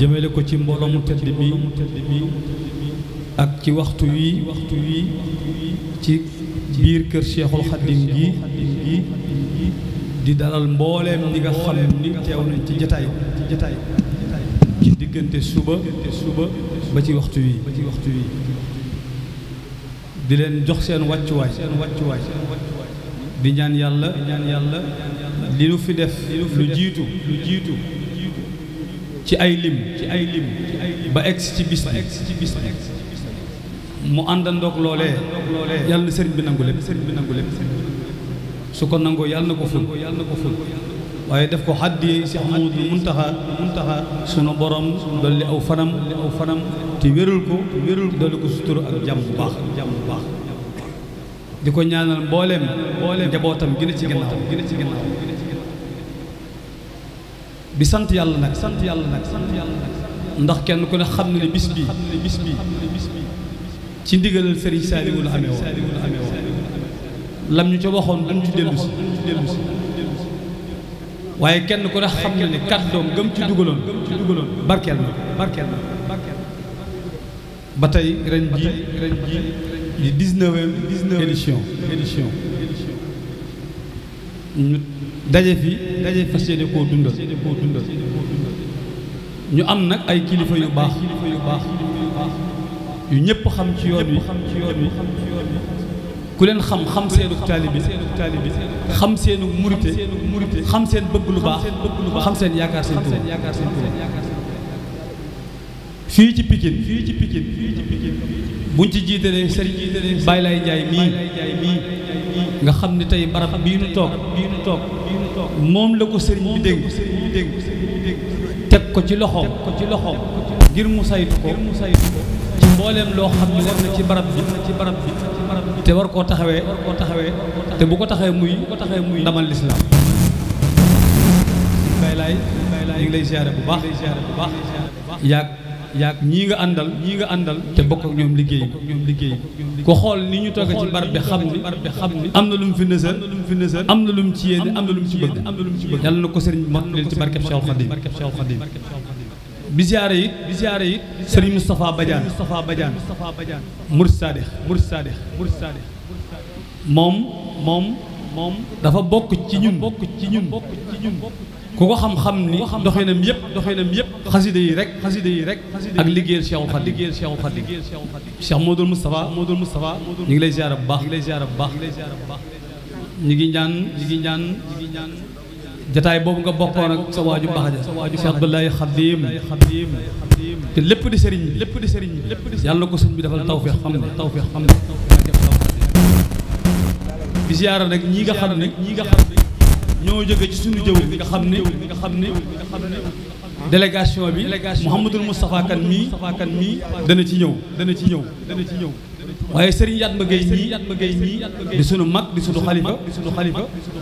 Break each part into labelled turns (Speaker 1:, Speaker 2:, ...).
Speaker 1: jëmale ko ci mbooloo mu tedd bi ak ci waxtu wi waxtu wi ci biir kër Cheikhul Khadim gi di dalal mbooleem ñi nga xam ni teew nañ ci jataay jataay ci diggante suba suba ba ci waxtu wi ba ci waxtu wi di leen jox seen wàccuwaay seen wàccuwaay di ñaan yàlla ñaan yàlla li nu fi def lu jiitu lu jiitu ci ay lim ci ay lim ba egsi ci bis bi mu àndandoog loolee yàlla na sëriñ bi nangu lépp sëriñ bi nangu lépp su ko nangoo yàlla na ko ful waaye def ko xàddiyee si Ahmadul Muntaxa Muntaxa sunu borom dolli aw fanam aw fanam te wérul ko wérul dolli ko sutura ak jàmm bu baax jàmm bu baax di ko ñaanal mbooleem mbooleem njabootam gi ci ginnaaw bi sant yàlla nag sant yàlla nag sant yàlla ndax kenn ku ne xam na ne bis bi bis bi ci ndigalal Serigne Saliou la amee woon lam ñu ca waxoon duñ ci dellu si dellu waaye kenn ku ne xam na ne kàddoom gëm ci dugaloon ci dugaloon barkeel na barkeel na ba tey ren ji ren ji di dix-neuvième édition daje fi daje fas yéene koo dundal ñu am nag ay kilifa yu baax yu ñëpp xam ci yoon wi ku leen xam xam seenu taalibi xam seenu murite xam seen bëgg lu baax xam seen yaakaar seen tur fii ci Pikine fii ci Pikine buñ ci jiitalee sëriñ Lay Njaay mii nga xam ni tey barab bii nu toog bii nu toog moom la ko sëriñ bi dénk teg ko ci loxoom ko ci loxoom ngir mu saytu ko ci mbooleem loo xam ne war na ci barab bi ci barab bi te war koo taxawee taxawee te bu ko taxee muy ko taxawee muy ndamal lislaam bay laay bay laay ngi lay ziare bu baax yaag yaag ñii nga àndal ñii nga àndal te bokk ak ñoom liggéey bi ko xool ni ñu toog ci barab bi xam ni am na lu mu fi nësër am na lu mu ci yéene am na lu mu ci bëgg yàlla na ko sëriñ mot leen ci barkeb Seex Xaadim bi ziyaare it bi ziyaare it sëriñ Moustapha Badiane Moustapha Badiane Murid Saadix Murid Saadix Murid Saadix moom moom moom dafa bokk ci ñun bokk ci ñun bokk ku ko xam-xam ni doxinam yëpp doxinam yëpp xasida yi rek xasida yi rek ak liggéeyal Cheikhul Khadim liggéeyal Cheikhul Khadim Cheikh Modou Moustapha Modou Moustapha ñu ngi lay ziar bu baax boobu nga bokkoon ak sa waaju baax ja Cheikh Abdoulaye Khadim te lépp di sëriñ bi lépp di sëriñ bi yàlla ko sëñ bi defal tawfeex xam ne tawfeex xam ne di ziar nag ñi nga nga xam ne ñoo jóge ci suñu jëw nga xam ne nga xam ne nga xam ne délégation bi Mouhamadul Moustapha Kane mii Moustapha mii dana ci ñëw dana ci ñëw dana ci ñëw waaye sëriñ Yatma Gueye mii Yatma Gueye mii di sunu mag di sunu xalifa di sunu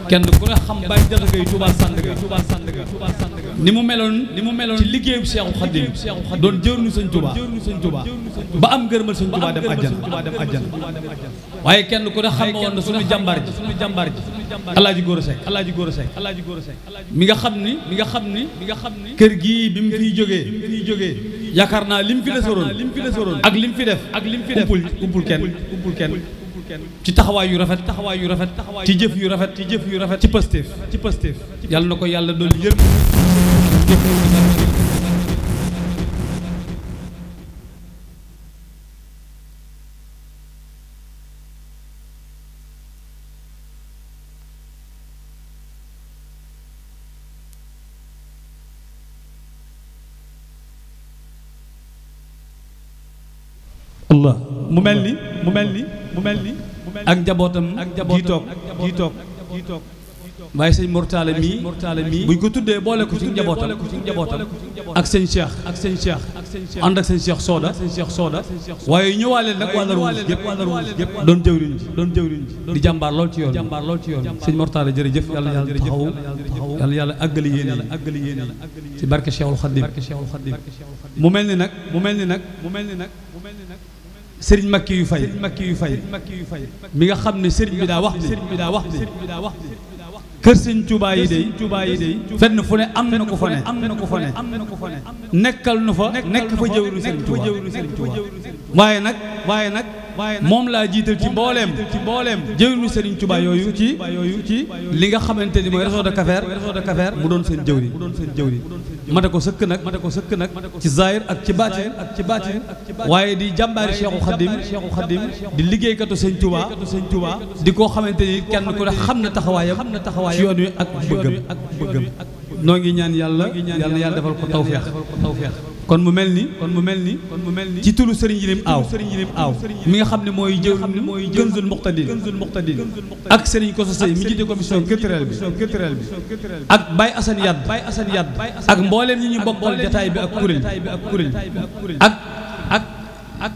Speaker 1: kenn ku ne xam Baye Diakha Gueye Touba Sandaga Touba Sandaga ni mu meloon ni mu meloon ci liggéeyam Cheikhul Khadim doon jëruñu sëñ Touba ba am gërëmal sëñ Touba dem àjjana waaye kenn ku ne xam woon na jàmbar jàmbaar ji sunu jàmbaar ji Alaaji Góora Seck Alaaji Góora Seck Alaaji Góora Seck mi nga xam ni mi nga xam ni mi nga xam ni kër gi bi mu fiy jógee bi mu fiy jógee yaakaar naa lim fi desaroon lim fi desaroon ak lim fi def ak lim fi def umpul kenn umpul kenn ci taxawaay yu rafet taxawaay yu rafet ci jëf yu rafet ci jëf yu rafet ci pëstéef ci pëstéef yàlla na ko yàlla doon yërëm allah mu mel ni mu mel ni mu mel ni ak njabootam ji toog ji toog ji toog waaye sëñ Mortale mii Mortale mii buñ ko tuddee boole ko ci njabootam ak seen cheikh ak seen cheikh ànd ak seen cheikh Soda seen cheikh Soda waaye ñëwaale nag wàllu ruus yëpp wàllu ruus yëpp doon jëwriñ ji doon jëwriñ ji di jàmbaar lool ci yoon jàmbaar lool ci yoon sëñ Mortale jërëjëf yàlla yàlla taxaw yàlla yàlla àggali yéen yàlla àggali yéen ci barke Cheikhul Khadim barke Cheikhul Khadim mu mel ni nag mu mel ni nag mu mel ni nag mu mel ni nag seriñ Makki yu fay Makki yu fay mi nga xam ne sëriñ bi daa wax sëriñ bi daa wax kër sëñ Tuubaa yi day Tuubaa yi day fenn fu ne am na ko fa ne am na ko fa ne am na ko fa ne nekkal nu fa nekk fa jëwru sëriñ Tuubaa waaye nag waaye nag moom laa jiital ci mbooleem ci mbooleem jëwru sëriñ Tuubaa yooyu ci yooyu ci li nga xamante ni mooy réseau de Cafère réseau de mu doon seen jëwri mu doon seen mate ko sëkk nag mate ko sëkk nag ci zaahir ak ci baatin ak ci baatin waaye di jàmbaari Cheikhul Khadim Cheikhul Khadim di liggéeykatu sëñ Touba sëñ Touba di koo xamante ni kenn ku ne xam na taxawaayam ci yoon wi ak bëggam ak bëggam noo ngi ñaan yàlla yàlla yàlla defal ko tawfeex tawfeex kon mu mel ni kon mu mel ni kon mu mel ni ci turu Serigne Yirim Aw Serigne Yirim mi nga xam ne mooy jël mooy Kanzul Muqtadin Kanzul Muqtadin ak Serigne Kosso Sey mi jiite commission culturelle bi culturelle bi ak Baye Assane Yad Baye Assane Yad ak mbooleem ñi ñu bokk jataay bi ak kuréel ak ak ak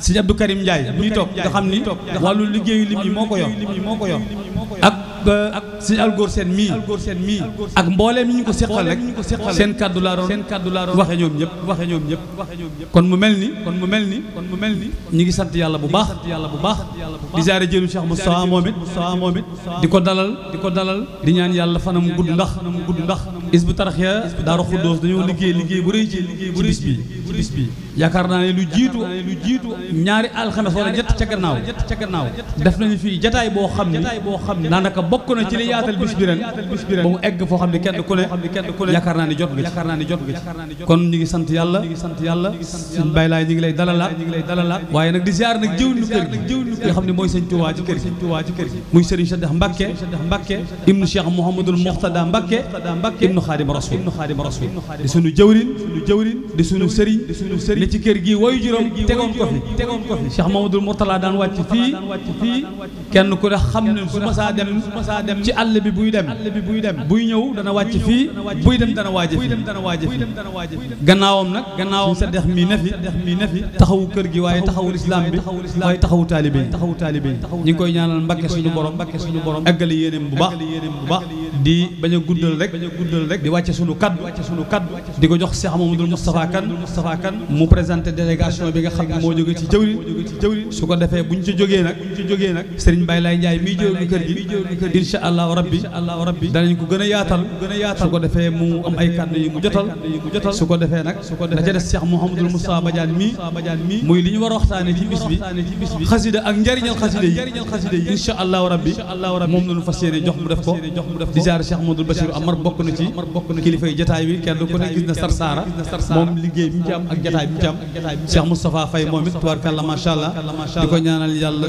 Speaker 1: Serigne Abdou Karim Ndiaye mi toog nga xam ni wàllu liggéeyu lim yi moo ko yor moo ko ak ak si algor seen mii ak mbooleem yi ñu ko seqal rek seen kàddu laa doon waxe ñoom ñëpp waxe ñoom ñëpp kon mu mel ni kon mu mel ni ñu ngi sant yàlla bu baax yàlla bu baax di jaare jëlu Cheikh Moustapha moom it di ko dalal di ko dalal di ñaan yàlla fanam gudd ndax fanam gudd ndax is bu taraxya Daaru Xuddoos dañoo liggéey liggéey bu rëy ci bis bi ci bis bi yaakaar naa ne lu jiitu lu jiitu ñaari alxames wala jët ca gannaaw def nañu fii jataay boo xam ni daanaka bokk na ci li yaatal bis bi ren ba mu egg foo xam ne kenn ku ne yaakaar naa ni jot nga ci kon ñu ngi sant yàlla suñ bay laay ñu ngi lay dalalaat waaye nag di ziar nag jëw nu kër gi nga xam ne mooy sëñ Tuubaa ci kër gi muy sëriñ Cheikh Mbacke Mbacke ibnu Cheikh Mouhamadul di suñu jëwrin di suñu sëriñ ne ci kër gi wayu juróom tegoon ko fi Cheikh Mouhamadul Mourtala daan wàcc fii kenn ku ne xam ne su ma saa dem masaa dem ci àll bi buy dem àll bi buy dem buy ñëw dana wàcc fii buy dem dana waaje buy dem dana waaje gannaawam nag gannaawam sa dex mii ne taxawu kër gi waaye taxawu lislaam bi waaye taxawu taalibe yi ñu koy ñaanal mbakke suñu borom mbakke suñu borom eggali yéeneem bu di bañ a guddal rek a guddal rek di wàcce suñu kaddu wàcce suñu kaddu di ko jox Cheikh Mamadou Moustapha Kane Moustapha mu présenté délégation bi nga xam ne moo jóge ci jëwri su ko defee buñ ci jógee nag buñ ci jógee nag Serigne Baye Lay Ndiaye mii jóge kër gi incha allah rabbi rabbi danañ ko gën a yaatal a su ko defee mu am ay kàddu yu mu jotal su ko defee nag da des Cheikh Mouhamadul Moustapha Badiane mii muy li ñu war a ci bis bi xasida ak njariñal xasida yi incha allah rabbi moom la ñu fas yéene jox mu def ko di jaar Cheikh Mouhamadul Amar bokk na ci kilifa jataay bi kenn ku ne gis na Sarsara moom liggéey bi mu ak jataay bi mu ci am Cheikh moom it tubaarkàlla macha allah di ko ñaanal yàlla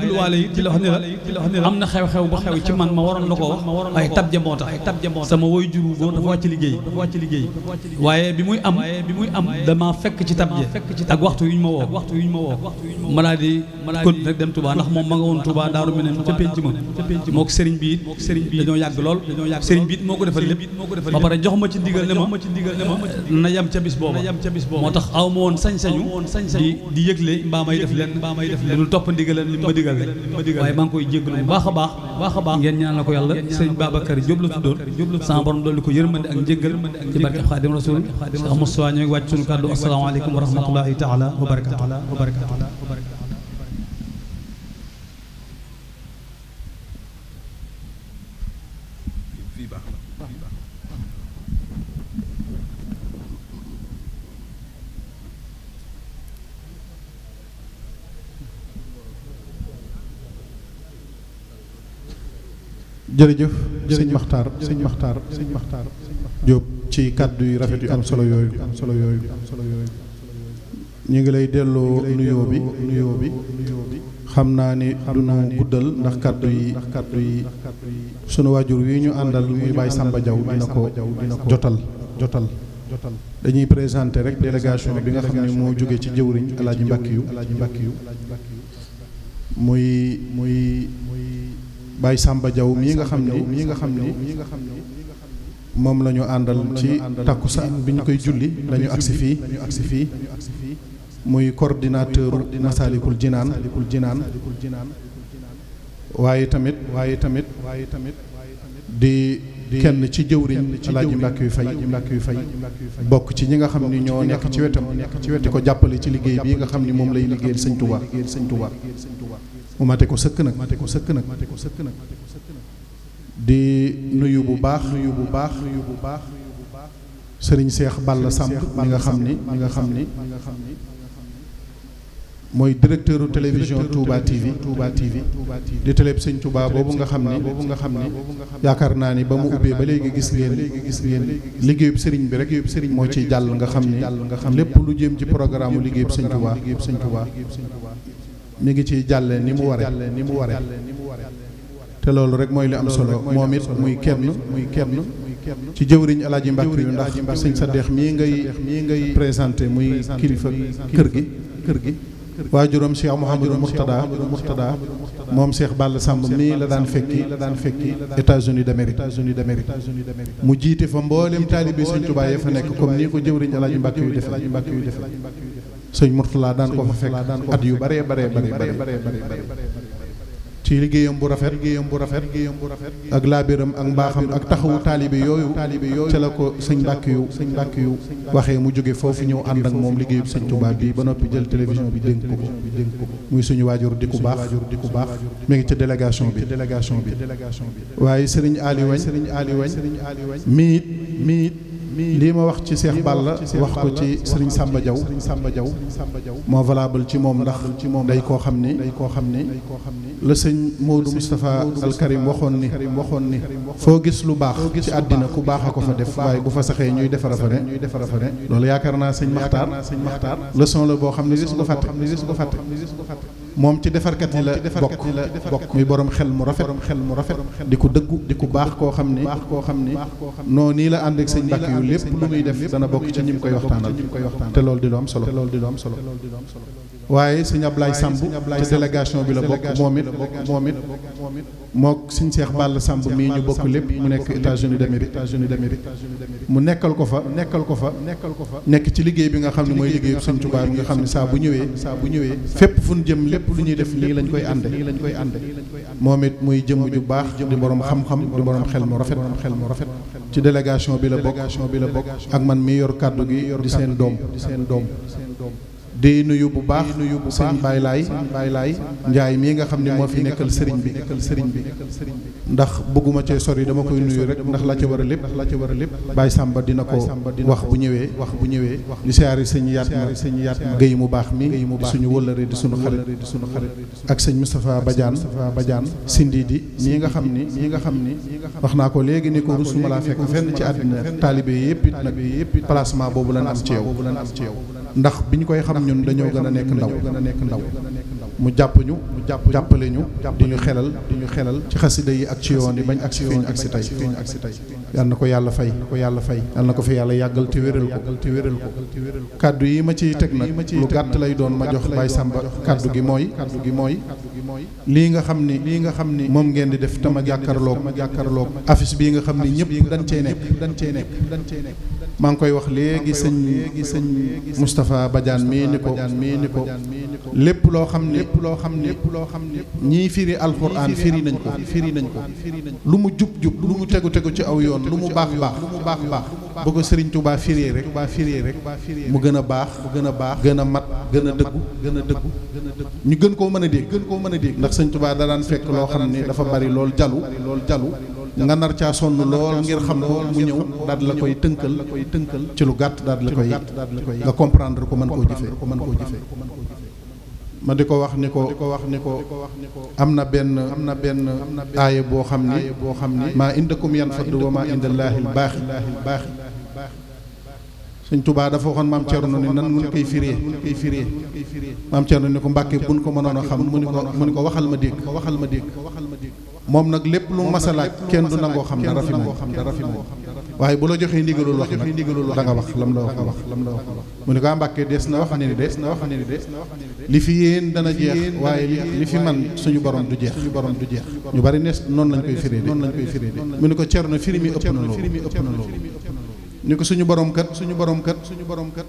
Speaker 1: ko am na xew-xew bu xew ci man ma waroon la waaye tabje moo tax sama woy juru góor dafa liggéey waaye bi muy am dama fekk ci tabje ak waxtu yu ñu ma woo ma woo di kon rek dem Touba ndax moom ma nga woon Touba daaru meneen ca pénc ma moo ko sëriñ bi it sëriñ bi dañoo yàgg lool sëriñ bi it moo ko defal lépp ba pare jox ma ci ndigal ne ma na yem ca bis booba moo tax aw woon sañ-sañu di di yëgle mbaa lu topp ndigalam li ma digal rek waaye maa ngi koy jéggalu bu baax a baax baax a baax ngeen ñaan la ko yàlla sëñ Babacar Diop la tuddoon sama borom dolli ko yërmande ak njéggal ci barke Xaadim Rasul Cheikh Moustapha ñooy wàcc suñu kàddu asalaamaaleykum wa rahmatullahi taala wa barakatu
Speaker 2: fii baax na fii baax
Speaker 3: jërëjëf sëñ Maxtaar sëñ Maxtaar sëñ Maxtaar Jóob ci kàddu yi rafet yu am solo yooyu am solo yooyu ñu ngi lay delloo nuyoo bi nuyoo bi xam naa ni du ñu guddal ndax kàddu yi kàddu yi sunu waajur wii ñu àndal muy Baye Samba Diaw dina ko jotal jotal dañuy présenté rek délégation bi nga xam ne moo jóge ci jëwriñ Alaaji Mbàkkiyu Alaaji Mbàkkiyu muy muy Baye Samba Diaw mii nga xam ni mii nga xam ni moom lañu ñu àndal ci takkusaan bi ñu koy julli lañu ñu agsi fii la ñu agsi fii muy coordinateur Masaalikul Jinaan Jinaan waaye tamit waaye tamit waaye tamit di kenn ci jëwriñ Alaaji Mbàkke yu fay Mbàkke yu fay bokk ci ñi nga xam ni ñoo nekk ci wetam di ko jàppale ci liggéey bii nga xam ni moom lay liggéeyal Sëñ Tuubaa Sëñ Tuubaa mu mate ko sëkk nag mate ko sëkk nag mate ko ko sëkk nag di nuyu bu baax nuyu bu baax nuyu bu baax sëriñ Seex Balla Samb mi nga xam ni mi nga xam ni mooy directeur télévision Touba TV Touba TV di téléb sëñ Touba boobu nga xam ne boobu nga xam ne yaakaar naa ni ba mu ubbee ba léegi gis ngeen gis ngeen liggéeyub sëriñ bi rek yëpp sëriñ moo ci jàll nga xam ni nga xam lépp lu jëm ci programme liggéeyub sëñ Touba liggéeyub sëñ Touba mi ngi ci jàlle ni mu waree ni mu waree te loolu rek mooy li am solo moom it muy kenn muy kenn ci jëwriñ alaaji mbàkk yu ndax sañ sa deex mii ngay mii ngay présenté muy kilifa kër gi kër gi waajuram cheikh mouhamadou muxtada muxtada moom cheikh bàll sàmb mii la daan fekki la daan fekki états-unis d'amérique états-unis d'amérique mu jiite fa mboolem taalibi sëñ tuubaa ya fa nekk comme nii ko jëwriñ alaaji mbàkk yu def sëñ Mourtala daan ko fa fekk at yu bare bare bare bare ci liggéeyam bu rafet liggéeyam bu rafet liggéeyam bu rafet ak laabiram ak mbaaxam ak taxawu taalibe yooyu taalibe yooyu ca la ko sëñ Mbàkke yu sëñ Mbàkke yu waxee mu jóge foofu ñëw ànd ak moom liggéeyub sëñ Tuubaa bi ba noppi jël télévision bi dénk ko muy suñu waajur di ku baax di ku baax mi ngi ci délégation bi délégation bi waaye sëriñ Aliou Wagne sëriñ Aliou Wagne mi it mi it lii ma wax ci Seex Balla wax ko ci Serigne Samba jaw Samba Diaw moo valable ci moom ndax ci moom day koo xam ni day koo xam ni la sëñ Modou Moustapha Al Karim waxoon ni waxoon ni foo gis lu baax ci àddina ku baax a ko fa def waaye bu fa saxee ñuy defara fa ne loolu yaakaar naa sëñ Maxtaar leçon la boo xam ne gis ko fàtte moom ci defarkat yi la bokk bokk muy borom xel mu rafet xel mu rafet di ko dëggu di ko baax koo xam ni koo xam ni noo nii la ànd ak sëñ Mbàkke yu lépp lu muy def dana bokk ci ñi mu koy waxtaanal te loolu di lu am solo waaye sëñ Ablaye Samb ci délégation bi la bokk moom it moom it mook sëñ Cheikh Balla Samb mii ñu bokk lépp mu nekk États-Unis d'Amérique mu nekkal ko fa nekkal ko fa nekkal ko fa nekk ci liggéey bi nga xam ne mooy liggéeyu sëñ Tuubaa bi nga xam ne saa bu ñëwee saa bu ñëwee fépp fu jëm lépp lu ñuy def nii lañ koy ànde nii lañ koy ànde moom it muy jëmm ju baax di borom xam-xam di borom xel mu rafet xel mu rafet ci délégation bi la bokk bi la bokk ak man mii yor kàddu gi di seen doom di seen doom di nuyu bu baax nuyu bu baax Baye Laay Baye Laay Njaay mii nga xam ne moo fi nekkal sëriñ bi nekkal sëriñ bi ndax bëgguma cee sori dama koy nuyu rek ndax la ca war a lépp la ca war a lépp Baye Samba dina ko wax bu ñëwee wax bu ñëwee ñu siyaare sëñ yaat ma sëñ yaat ma géy mu baax mi mu suñu wëllëre di suñu xarit di suñu xarit ak sëñ Moustapha Badiane Badiane sindi di ñi nga xam ni ñi nga xam ni wax naa ko léegi ni ko rusuma laa fekk fenn ci àddina taalibe yëpp it nag placement boobu lan am ci ndax bi ñu koy xam ñun dañoo gën a nekk ndaw gën a nekk ndaw mu jàpp ñu mu jàpp jàppale ñu di ñu xelal ñu xelal ci xasida yi ak ci yoon yi bañ ak si fii ak si tey fii ñu ak ko yàlla fay ko yàlla fay yal na ko fi yàlla yàggal te wéral ko te wéral ko kàddu yi ma ciy teg nag lu gàtt lay doon ma jox Baye Samba kàddu gi mooy kàddu gi mooy lii nga xam ni lii nga xam ni moom ngeen di def tama jàkkarloog jàkkarloog affiche bii nga xam ni ñëpp dañ cee nekk dañ cee nekk dañ cee nekk maa ngi koy wax léegi sëñ léegi sëñ Moustapha Badiane mii ni ko mii ni ko lépp loo xam ne loo xam ne loo xam ne ñii firi alquran firi nañ ko firi nañ ko lu mu jub jub lu mu tegu tegu ci aw yoon lu mu baax baax lu baax baax bu ko sëriñ tubaa firi rek Touba firi rek mu gën a baax mu gën a baax gën a mat gën a dëggu gën a dëggu ñu gën koo mën a dégg gën koo mën a dégg ndax sëñ tubaa da daan fekk loo xam ne dafa bari lool jalu loolu jalu nga nar caa sonn lool ngir xam ko mu ñëw daal la koy tënkal ci lu gàtt daal la koy nga comprendre ko mën koo jëfee ko mën koo jëfee ma di ko wax ni ko wax ni ko am na benn am na benn aaya boo xam ni boo xam ni maa indakum yan fadd wa maa indallaahi baaxi baaxi suñ tubaa dafa waxoon maam Cerno ni nan mun koy firee koy firee maam Cerno ni ko mbàkke ne ko mënoon a xam mu ni ko mu ni ko waxal ma dégg waxal ma dégg moom nag lépp lu masalaaj kenn du nangoo xam dara fi moom waaye bu la joxee ndigalul wax nag da nga wax lam la wax mu ne ko ah, Mbàkke des na wax ne ni des na wax ne ni des li fi yéen dana jeex waaye li fi man suñu borom du jeex suñu borom du jeex ñu bari nees noonu lañ koy firee de noonu lañ koy firee de mu ne ko Cerno firi mi ëpp na loolu ni ko suñu borom kat suñu borom kat suñu borom kat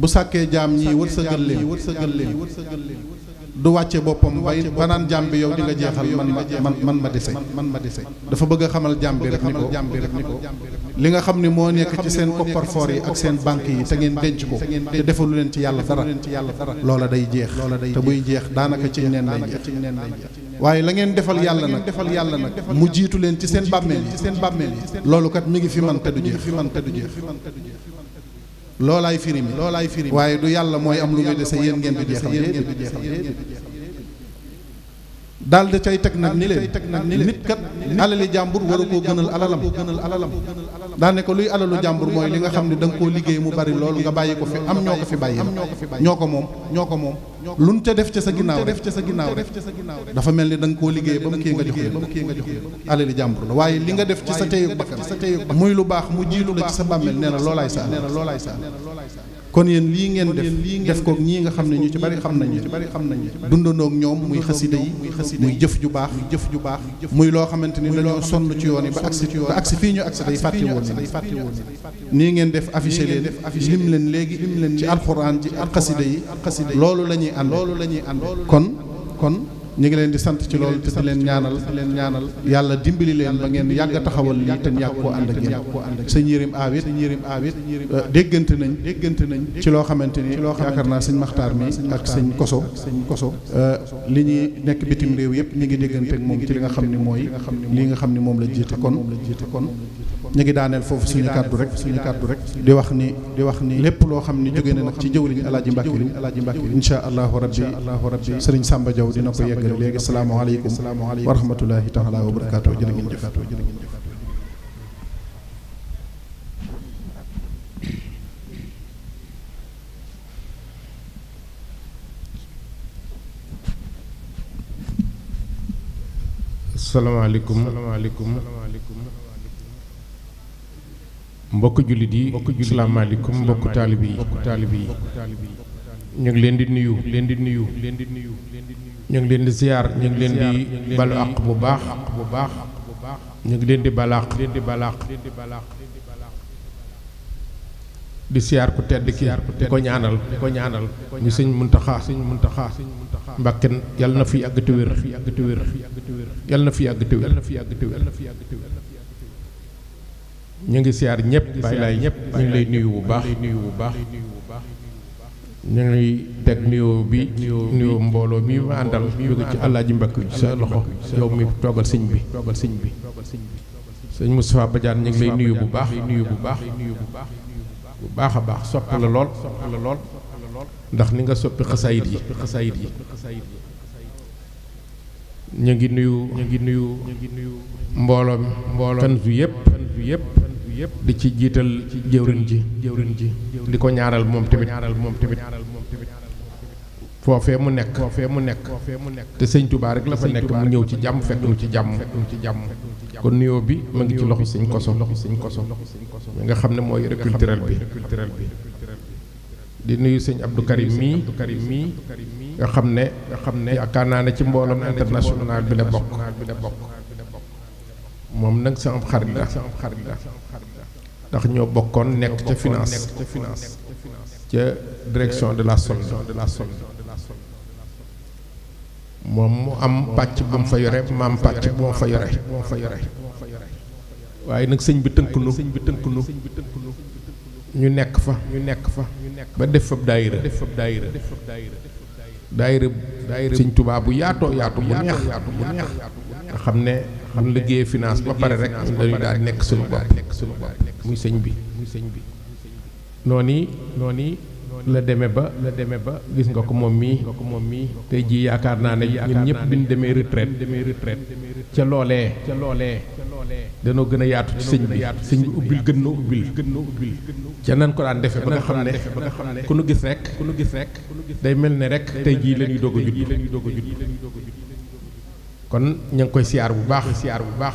Speaker 3: bu sàkkee jaam ñi wërsëgal leen wërsëgal leen du wàcce boppam bay ba naan jàmm bi yow di nga jeexal man man man ma dese man ma dese dafa bëgg a xamal jàmm bi rek ni ko li nga xam ne moo nekk ci seen kopparfoor yi ak seen banque yi te ngeen denc ko te defalu leen ci yàlla dara loola day jeex te buy jeex daanaka ci neen lay jeex waaye la ngeen defal yàlla nag defal yàlla nag mu jiitu leen ci seen bàmmeel yi loolu kat mi ngi fi man te du jeex loolaay firim loolaay firim waaye du yàlla mooy am lu muy dese yéen ngeen di jeexal yéen ngeen di jeexal daal da cay teg nag ni leen nit kat alali jàmbur waru a gënal alalam gënal alalam daa ne ko luy alalu jàmbur mooy li nga xam ne da nga liggéey mu bari lool nga bàyyi ko fi am ñoo ko fi bàyyi ñoo ko moom ñoo ko moom luñ ca def ca sa ginnaaw def sa ginnaaw rek dafa mel ni da nga koo liggéey ba mu kii nga jox ba mu kii nga jox alali jàmbur la waaye li nga def ci sa teyug bakkan muy lu baax mu jiilu la ci sa bàmmeel nee na loolaay sa nee na loolaay sa kon yéen lii ngeen def def ko ñii nga xam ne ñu ci bari xam nañu bari xam nañu dundandoo ak ñoom muy xasida yi muy jëf ju baax muy jëf ju baax muy loo xamante ni dañoo sonn ci yoon yi ba agsi ci yoon ba agsi fii ñu agsi day fàtte woon nii ngeen def affiché leen lim leen léegi lim leen ci alxuraan ji ak xasida yi loolu la ñuy ànd la ñuy ànd kon kon ñu ngi leen di sant ci lool te di leen ñaanal leen ñaanal yàlla dimbali leen ba ngeen yàgg a taxawal lii te ñàkk koo ànd ak yéen sëñ Yërim Awit sëñ Yërim Awit euh, déggante nañ déggante nañ ci loo xamante ni yaakaar naa sëñ Maxtaar mi ak sëñ Koso sëñ euh, Koso li ñuy nekk bitim réew yëpp ñu ngi déggante ak moom ci li nga xam ne mooy li nga xam ne moom la jiite kon kon ñu ngi daaneel foofu suñu kàddu rek suñu kàddu rek di wax ni di wax lépp loo xam ni jóge na nag ci jëwriñ Alaaji Mbàkke insha allahu rabbi allahu gërëm léegi salaamaaleykum salaamaaleykum wa rahmatulahi taala wa barakaatu jërë ngeen jëf
Speaker 4: salaamaaleykum salaamaaleykum mbokk jullit yi mbokk jullit salaamaaleykum mbokk taalibe yi mbokk taalibe yi ñu ngi leen di nuyu leen di nuyu leen di nuyu ñu ngi leen di ziar ñu ngi leen di balu àq bu baax bu baax ñu ngi leen di balaax leen di balaax di siyaar ku tedd ki di ko ñaanal di ko ñaanal ñu sëñ Muntaxa sëñ Muntaxa Mbàkke yal na fi yàgg te wér yal na fi yàgg te wér ñu ngi siyaar ñëpp bàyyi laay ñëpp ñu ngi lay nuyu bu baax nuyu bu baax ñu ngi teg nuyoo bi nuyoo mbooloo mi ma àndal jóge ci àllaaji mbakk sa loxo yow mi toogal sëñ bi toogal sëñ bi sëñ Moustapha Badiane ñu ngi lay nuyu bu baax nuyu bu baax bu baax a baax sopp la lool la lool ndax ni nga soppi xasaayit yi xasaayit yi ñu ngi nuyu ñu ngi nuyu mbooloo mi mbooloo kan yëpp yëpp yëpp di ci jiital jëwrin ji jëwrin ji di ko ñaaral moom tamit ñaaral moom tamit foofee mu nekk foofee mu nekk te sëñ Touba rek la fa nekk mu ñëw ci jàmm fekk mu ci jàmm ci jàmm kon nuyoo bi ma ngi ci loxo sëñ koso loxo sëñ koso mi nga xam ne moo mooy culturel bi di nuyu sëñ Abdou Karim mii mii nga xam ne nga xam ne yaakaar naa ne ci mbooloom international bi la bokk moom nag sa am xarit la ndax ñoo bokkoon nekk ca finance ca direction de la solde de la solde moom mu am pàcc bu mu fa yore maam pàcc bu mu fa yore bu mu fa yore waaye nag sëñ bi tënk nu sëñ bi tënk nu ñu nekk fa ñu nekk fa ba def fa daayira def fa daayira daayira sëñ Tuubaa bu yaatoo yaatu bu neex yaatu bu neex
Speaker 1: nga xam ne xam liggéey finance ba pare rek dañu daal nekk suñu bopp nekk suñu bopp
Speaker 4: muy sëñ bi muy sëñ bi noonu noonu la demee ba la demee ba gis nga ko moom mii nga moom mii tey jii yaakaar naa ne ñun ñëpp bi ñu demee retraite demee retraite ca loolee ca loolee danoo gën a yaatu ci sëñ bi sëñ bi ubbil gën na ubbil gën na ubbil ca nan ko daan defee ba nga xam ne ku nu gis rek ku nu gis rek day mel ne rek tey jii la ñuy doog a judd la ñuy doog a judd kon ña ngi koy bu baax siyaar bu baax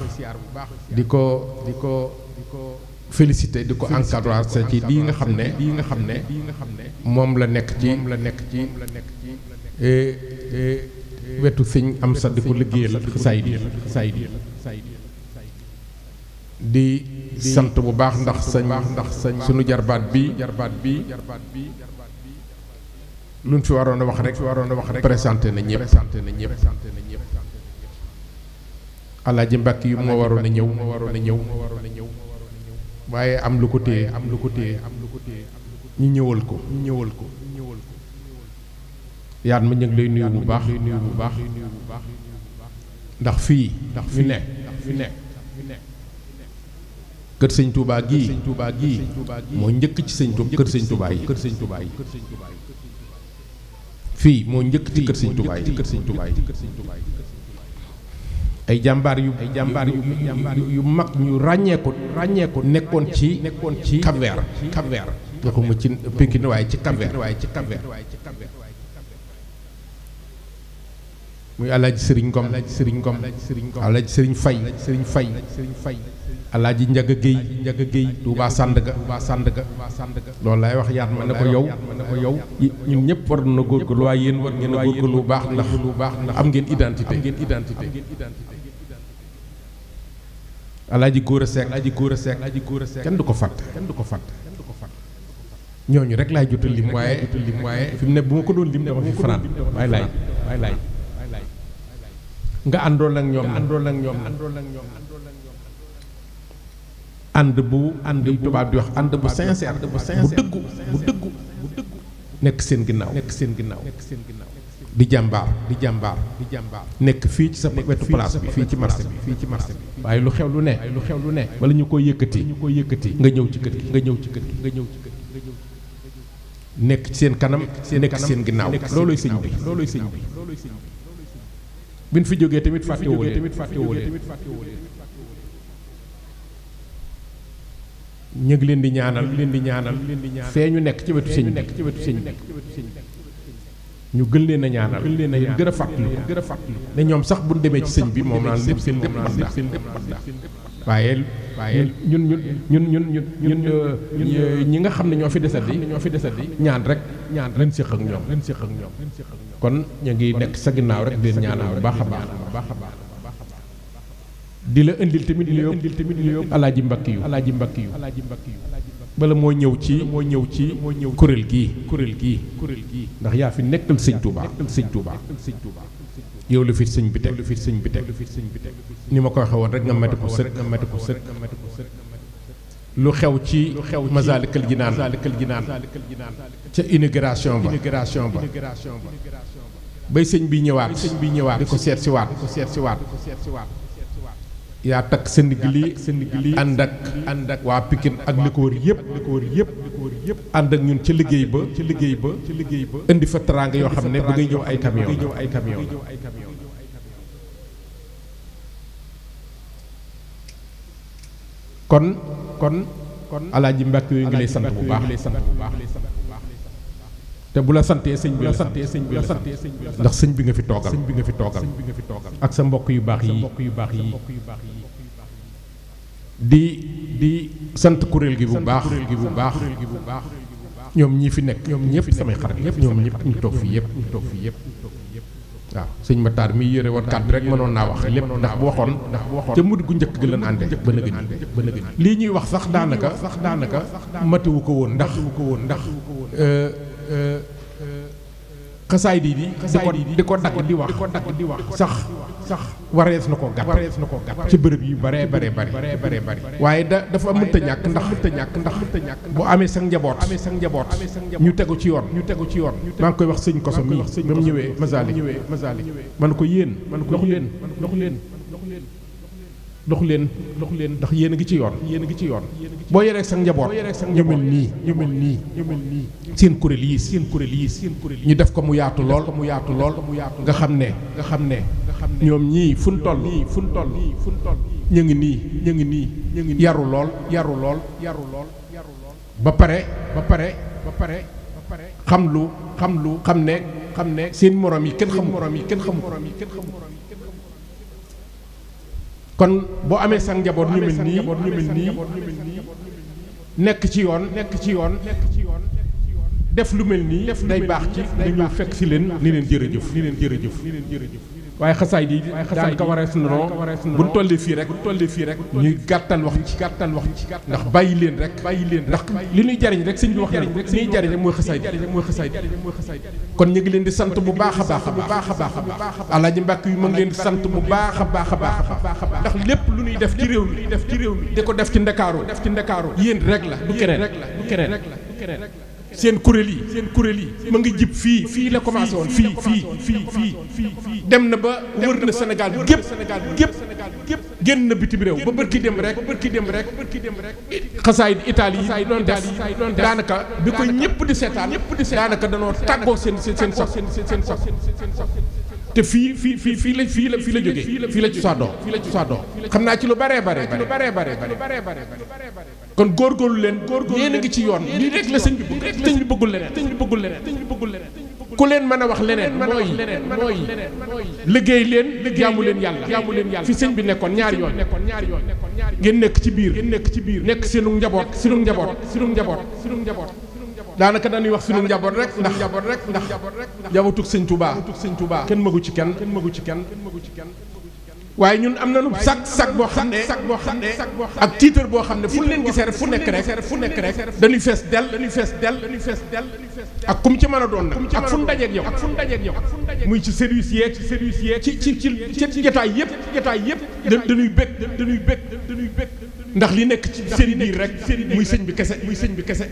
Speaker 4: di ko di ko félicité di ko sa ci lii nga xam ne lii nga xam ne moom la nekk ci moom la nekk ci
Speaker 5: eh, eh, wetu sëñ am sa di ko liggéeyal xasaay di xasaay di di sant bu baax ndax sañ ndax sañ suñu jarbaat bi jarbaat bi
Speaker 4: luñ fi waroon a wax rek waroon a wax rek présenté na ñëpp présenté na ñëpp alaaji mbàkk yi moo waroon a ñëw moo waroon a ñëw waaye am lu ko téye am lu ko téye am lu ko téye ñu ñëwal ko ñëwal ko ñëwal ko yaat ma ñu ngi lay nuyu bu baax nuyu bu baax ndax fii ndax fi ne ndax fi ne kër sëñ Touba gii Touba gii moo njëkk ci sëñ Touba kër sëñ Touba yi kër sëñ Touba yi fii moo njëkk ci kër sëñ Touba yi kër sëñ Touba yi ay jàmbaar yu jàmbaar yu yu mag ñu ràññeeku ràññeeku nekkoon ci nekkoon ci Cap-Vert Cap-Vert waxuma ci Pinkini waaye ci cap waaye ci Cap-Vert muy alaaji sëriñ Ngom alaaji sëriñ Ngom alaaji sëriñ Fay sëriñ Fay alaaji Njaga Géy Njaga Géy Tuubaa Sàndaga Tuubaa Sàndaga loolu laay wax yaat ma ne ko yow ne ko yow ñun ñëpp war na góorgóorlu waaye yéen war ngeen a góorgóorlu bu baax ndax lu baax ndax am ngeen identité am ngeen identité alaaji góor a seek alaaji góor a seek alaaji góor a seek kenn du ko fàtte kenn du ko fàtte ñooñu rek laay jotal lim waaye jotal waaye fi mu ne bu ma ko doon lim dama fi fanaan waaye laay waaye laay nga àndoon ak ñoom nga àndoon ak ñoom ànd bu ànd bu tubaab di wax ànd bu sincère bu dëggu bu dëggu nekk seen ginnaaw nekk seen ginnaaw di jàmbaar di jàmbaar di jàmbaar nekk fii ci sa wetu place bi fii ci marché bi fii ci marché bi waaye lu xew lu ne lu xew lu ne wala ñu koy yëkkati ñu koy yëkkati nga ñëw ci kër gi nga ñëw ci kër gi ñëw ci nekk ci seen kanam nekk ci seen ginnaaw looloy sëñ bi looloy sëñ bi bin fi jógee tamit fàttewoo leen ñu ngi leen di ñaanal leen di ñaanal fee ñu nekk ci wetu sëñ bi nekk ci wetu sëñ bi ñu gën leen a ñaanal gën leen a ñaanal gën a fàttali gën a ne ñoom sax bu ñu demee ci sëñ bi moom naan lépp seen lépp mën naa seen lépp mën naa waaye ñun ñun ñun ñun ñun ñun ñi nga xam ne ñoo fi desati ñoo fi desati ñaan rek ñaan ren séq ak ñoom ren séq ak ñoom kon ñu ngi nekk sa ginnaaw rek leen ñaanal bu baax a baax baax a baax di la indil tamit nuyoo indil tamit nuyoo alaaji mbakki yu alaaji mbakki yu bala moo ñëw ci moo ñëw ci moo ñëw kuréel gii kuréel gii kuréel gii ndax yaa fi nekkal sëñ Touba sëñ Touba sëñ Touba yow lu fi sëñ bi teg lu fi sëñ bi teg lu fi sëñ bi teg ni ma ko waxee woon rek nga mati ko sër nga mati ko sër lu xew ci Masaalikal Jinaan Masaalikal Jinaan ca inauguration ba inauguration ba bay sëñ bi ñëwaat sëñ bi ñëwaat di ko seet si waat di ko seet si waat yaa takk sa ndigg lii sa lii ànd ak ànd ak waa Pikine ak li ko wër yëpp li ko wër yëpp li ànd ak ñun ci liggéey ba ci liggéey ba ci liggéey ba indi fa teraanga yoo xam ne ba ngay ñëw ay camion ñëw ay
Speaker 6: camion
Speaker 4: kon kon kon alaaji Mbàkke yooyu ngi lay sant bu baax lay sant bu baax te bu la santee sëñ bi la santee sëñ bi la santee sëñ bi ndax sëñ bi nga fi toogal bi nga fi toogal ak sa mbokk yu baax yi mbokk yu baax yi di di sant kuréel gi bu baax kuréel gi bu baax ñoom ñii fi nekk ñoom ñëpp samay xarit yëpp ñoom ñëpp ñu toog fii yëpp ñu toog fii yëpp waaw sëñ Matar mi yore woon kàddu rek mënoon naa wax lépp ndax bu waxoon ndax bu waxoon ca mujj gu njëkk gi lan ànde ba nëgën ba nëgën lii ñuy wax sax daanaka sax daanaka matiwu ko woon ndax ko woon ndax euh, euh, xasaay di di di ko dagg di wax di wax sax sax warees na koo gàtt warees na koo gàtt ci bërëb yu baree baree bari baree bari waaye da dafa mënta ñàkk ndax mënta ñàkk ndax bu amee sa njaboot amee sa njaboot ñu tegu ci yoon ñu tegu ci yoon maa ngi koy wax sëñ koso mii ba mu ñëwee masaali masaali man ko yéen man ko yéen dox leen dox leen dox leen ndax yéen a ngi ci yoon yéen a ngi ci yoon boo yoree sa njaboot ñu mel nii ñu nii ñu nii seen kuréel yi seen kuréel yi seen kuréel yi ñu def ko mu yaatu lool mu yaatu lool nga xam ne nga xam ne ñoom ñii fuñ toll fuñ toll fuñ toll ñu ngi nii ngi nii ñu ngi yaru lool yaru lool yaru lool yaru lool ba pare ba pare ba pare xam lu xam lu xam ne xam ne seen morom yi kenn xamu morom yi kenn xamu morom yi kenn kon boo amee san njaboot ñu mel nii ñu mel nii nekk ci yoon nekk ci yoon def lu mel nii day baax ci dañu fekk si leen ni leen jërëjëf ni leen jërëjëf waaye xasaay di daan ko waree sunu non bu ñu tollee fii rek bu ñu tollee fii rek ñuy gàttal wax ci gàttal wax ci ndax bàyyi leen rek bàyyi leen ndax li ñuy jariñ rek sëñ bi wax nañ li ñuy jariñ rek mooy xasaay di kon ñu ngi leen di sant bu baax a baax a baax a baax alaaji mbàkk yu ma ngi leen di sant bu baax a baax a baax ndax lépp lu ñuy def ci réew mi def ci réew mi di ko def ci ndakaaroo def ci ndakaaroo yéen rek la du keneen du keneen seen kuréel yi seen kuréel yi ma ngi jib fii fii la commencé woon fii fii fii fii dem na ba wër na Sénégal gépp gépp gépp génn na bitim réew ba bërki dem rek bërki dem rek bërki dem rek xasaayid Italie yi doon def daanaka bi ko ñëpp di seetaan ñëpp di seetaan daanaka danoo tàggoo seen seen seen sax seen seen sax te fii fii fii fii la fii la fii la jógee fii la ci sodo sodo xam naa ci lu baree bare bare bare bare kon góorgóorlu leen góorgóorlu yéen a ngi ci yoon lii rek la sëñ bi bëgg sëñ bi bëggul leneen sëñ bi bëggul leneen sëñ bi bëggul leneen ku leen mën a wax leneen mooy mooy liggéey leen jaamu leen yàlla jaamu leen yàlla fi sëñ bi nekkoon ñaari yoon ngeen nekk ci biir ngeen nekk ci biir nekk seenu njaboot seenu njaboot seenu njaboot seenu njaboot daanaka dañuy wax suñu njaboot rek ndax njaboot rek ndax njabootug sëñ Touba sëñ Touba kenn magu ci kenn kenn magu ci kenn kenn magu ci kenn waaye ñun am nañu sag sag boo xam ne sag boo xam ne ak tiitar boo xam ne fu leen gisee rek fu nekk rek fu nekk rek dañuy fees del dañuy fees del dañuy fees del ak kum ci mën a doon nag ak fu mu dajeeg muy ci service yeeg ci service yeeg ci ci ci jotaay yëpp jotaay bëgg dañuy bëgg ndax li nekk ci seen biir rek muy sëñ bi kese muy sëñ bi kese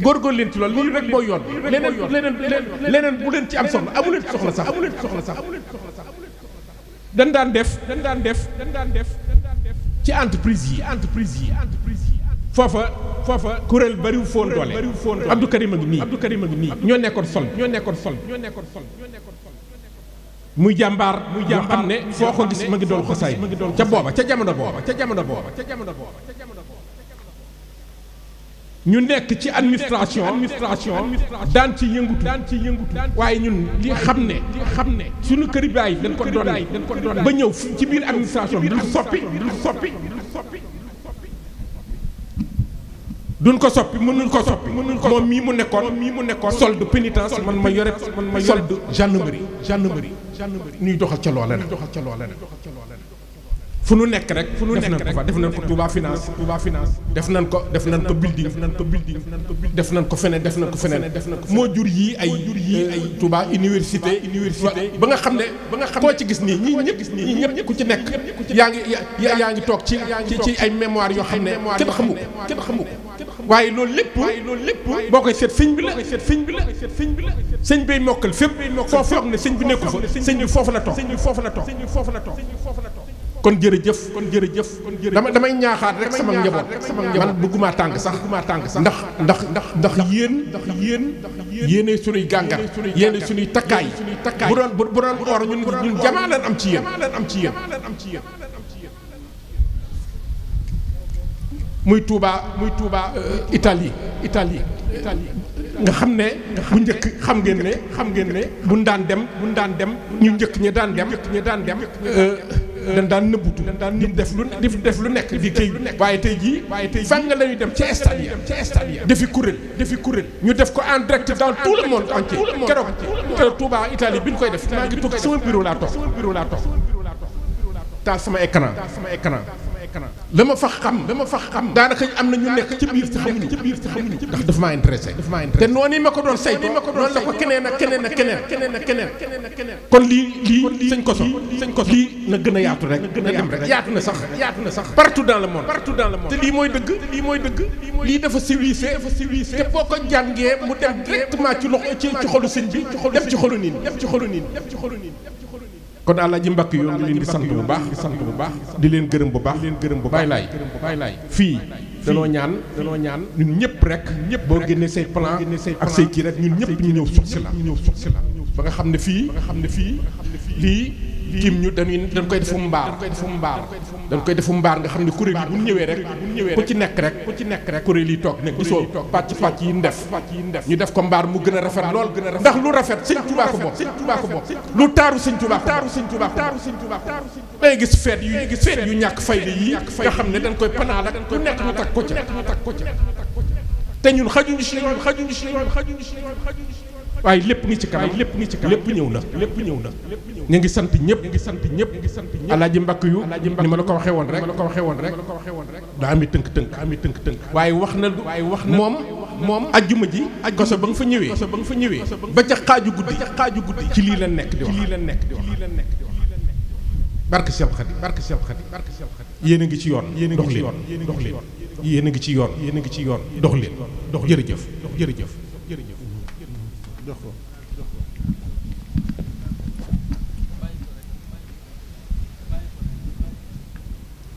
Speaker 4: góorgóorlu leen ci loolu loolu rek mooy yoon leneen leneen leneen bu leen ci am soxla amu leen soxla sax amu leen dañ daan def dañ daan def dañ daan def ci entreprise yi entreprise yi foofa foofa kuréel bariw foon doole Abdou Karim a ngi nii Abdou Karim a ngi nii ñoo nekkoon sol ñoo nekkoon sol ñoo nekkoon sol muy jàmbaar muy jàmbaar xam ne foo ko gis ma ngi doon xasaay ca booba ca jamono booba ca jamono booba ca jamono booba ñu nekk ci administration administration daan ci yëngutu daan ci yëngutu waaye ñun li xam ne li xam ne suñu këri baay dañ ko doon dañ ko doon ba ñëw ci biir administration bi du soppi du soppi du soppi dun ko soppi mënuñ ko soppi mënuñ ko moom mii mu nekkoon moom mii mu nekkoon solde pénitence man ma yore man ma solde gendarmerie gendarmerie gendarmerie ñuy doxal ca loola la doxal ca loola
Speaker 6: la
Speaker 4: fu nu nekk rek def nan ko Touba finance Touba finance def nañ ko def nañ ko building def nañ ko building def nañ ko feneen def nañ ko feneen moo jur yii ay jur euh, université ba nga xam ne ba nga xam koo ci gis nii ñii ñëpp ñii ñëpp ku ci nekk yaa ngi yaa ngi toog ci ci ay mémoire yoo xam ne kenn xamu ko kenn xamu ko waaye loolu lépp waaye loolu lépp boo koy seet sëñ bi la koy seet sëñ bi la seet bi la sëñ bay mokkal fépp foofu xam ne sëñ bi nekku fa sëñ bi foofu la toog foofu la toog sëñ bi foofu kon jërëjëf kon jërëjëf dama damay ñaaxaat rek sama njaboot sama njaboot man bëgguma tànk sax bëgguma tànk sax ndax ndax ndax ndax yéen ndax yéen yéenay sunuy gàngar yéenay sunuy takkaay bu doon bu doon or ñun ñun jamaa leen am ci yéen am ci yéen am ci yéen muy tuubaa muy Touba euh, Italie Italie Italie nga xam ne bu njëkk xam ngeen ne xam ngeen ne buñ daan dem bu buñ daan dem ñu njëkk ña daan dem njëkk ña daan dem euh, dañ daan nëbbutu dañ daan def lu di def lu nekk di kii waaye tey jii waaye tey fan nga la ñuy dem ci stade yi ci stade yi defi defi kuréel ñu def ko en direct dans tout le monde entier keroog keroog Touba Italie bi ñu koy def maa ngi toog sama bureau laa toog sama bureau laa toog taal sama écran la ma fa xam la ma fa xam daanaka am na ñu nekk ci biir ci xamuñu ci biir ci xamuñu ndax daf maa intéressé daf maa intéressé te noonu ma ko doon saytu noonu la ko keneen ak keneen ak keneen keneen ak keneen a sax yaatu na sax partout dans le monde partout dans le te lii mooy dëgg lii dafa civilisé dafa te boo ko jàngee mu dem directement ci loxo ci xolu sëñ bi def ci xolu niin def ci xolu niin kon Alaaji Mbàkke yoo ngi leen di sant bu baax di sant bu baax di leen gërëm bu baax di leen gërëm bu baax bay laay fii danoo ñaan danoo ñaan ñun ñëpp rek ñëpp boo génnee say plan ak say kii rek ñun ñëpp ñu ñëw suq si la ñëw suq si la ba nga xam ne fii ba nga xam ne fii lii tiim ñu dañuy dañ koy defu mbaar dañ koy defu mbaar nga xam ne kuréel yi bu ñëwee rek ku ci nekk rek ku ci nekk rek kuréel yi toog ne gisoo pàcc pàcc yi ndef ñu def ko mbaar mu gën a rafet lool ndax lu rafet sëñ Tuubaa ko bopp sëñ Tuubaa ko bopp lu taaru sëñ Tuubaa ko taaru sëñ Tuubaa taaru sëñ Tuubaa day gis feet yu gis feet yu ñàkk fayda yi nga xam ne dañ koy panaal ak ku nekk ñu tag ko ca te ñun xajuñu si ñun xajuñu si ñun xajuñu si ñun xajuñu si waaye lépp ngi ci kanam lépp ngi ci kanam lépp ñëw na lépp ñëw na ñu ngi sant ñëpp ñu sant ñëpp ñu ngi sant ñëpp alaaji mbakk yu ni ma la ko waxee woon rek la ko waxee woon rek daa ami tënk tënk daa ami tënk tënk waaye wax na waaye wax na moom moom ajjuma ji koso ba nga fa ñëwee koso ba fa ñëwee ba ca xaaju guddi ba ca xaaju guddi ci lii la nekk di wax ci lii la nekk di wax barke Cheikh Khady barke Cheikh Khady barke yéen a ngi ci yoon yéen a ngi ci yoon dox leen dox leen yéen a ngi ci yoon yéen a ngi ci yoon dox leen dox jërëjëf jërëjëf jërëjëf jox ko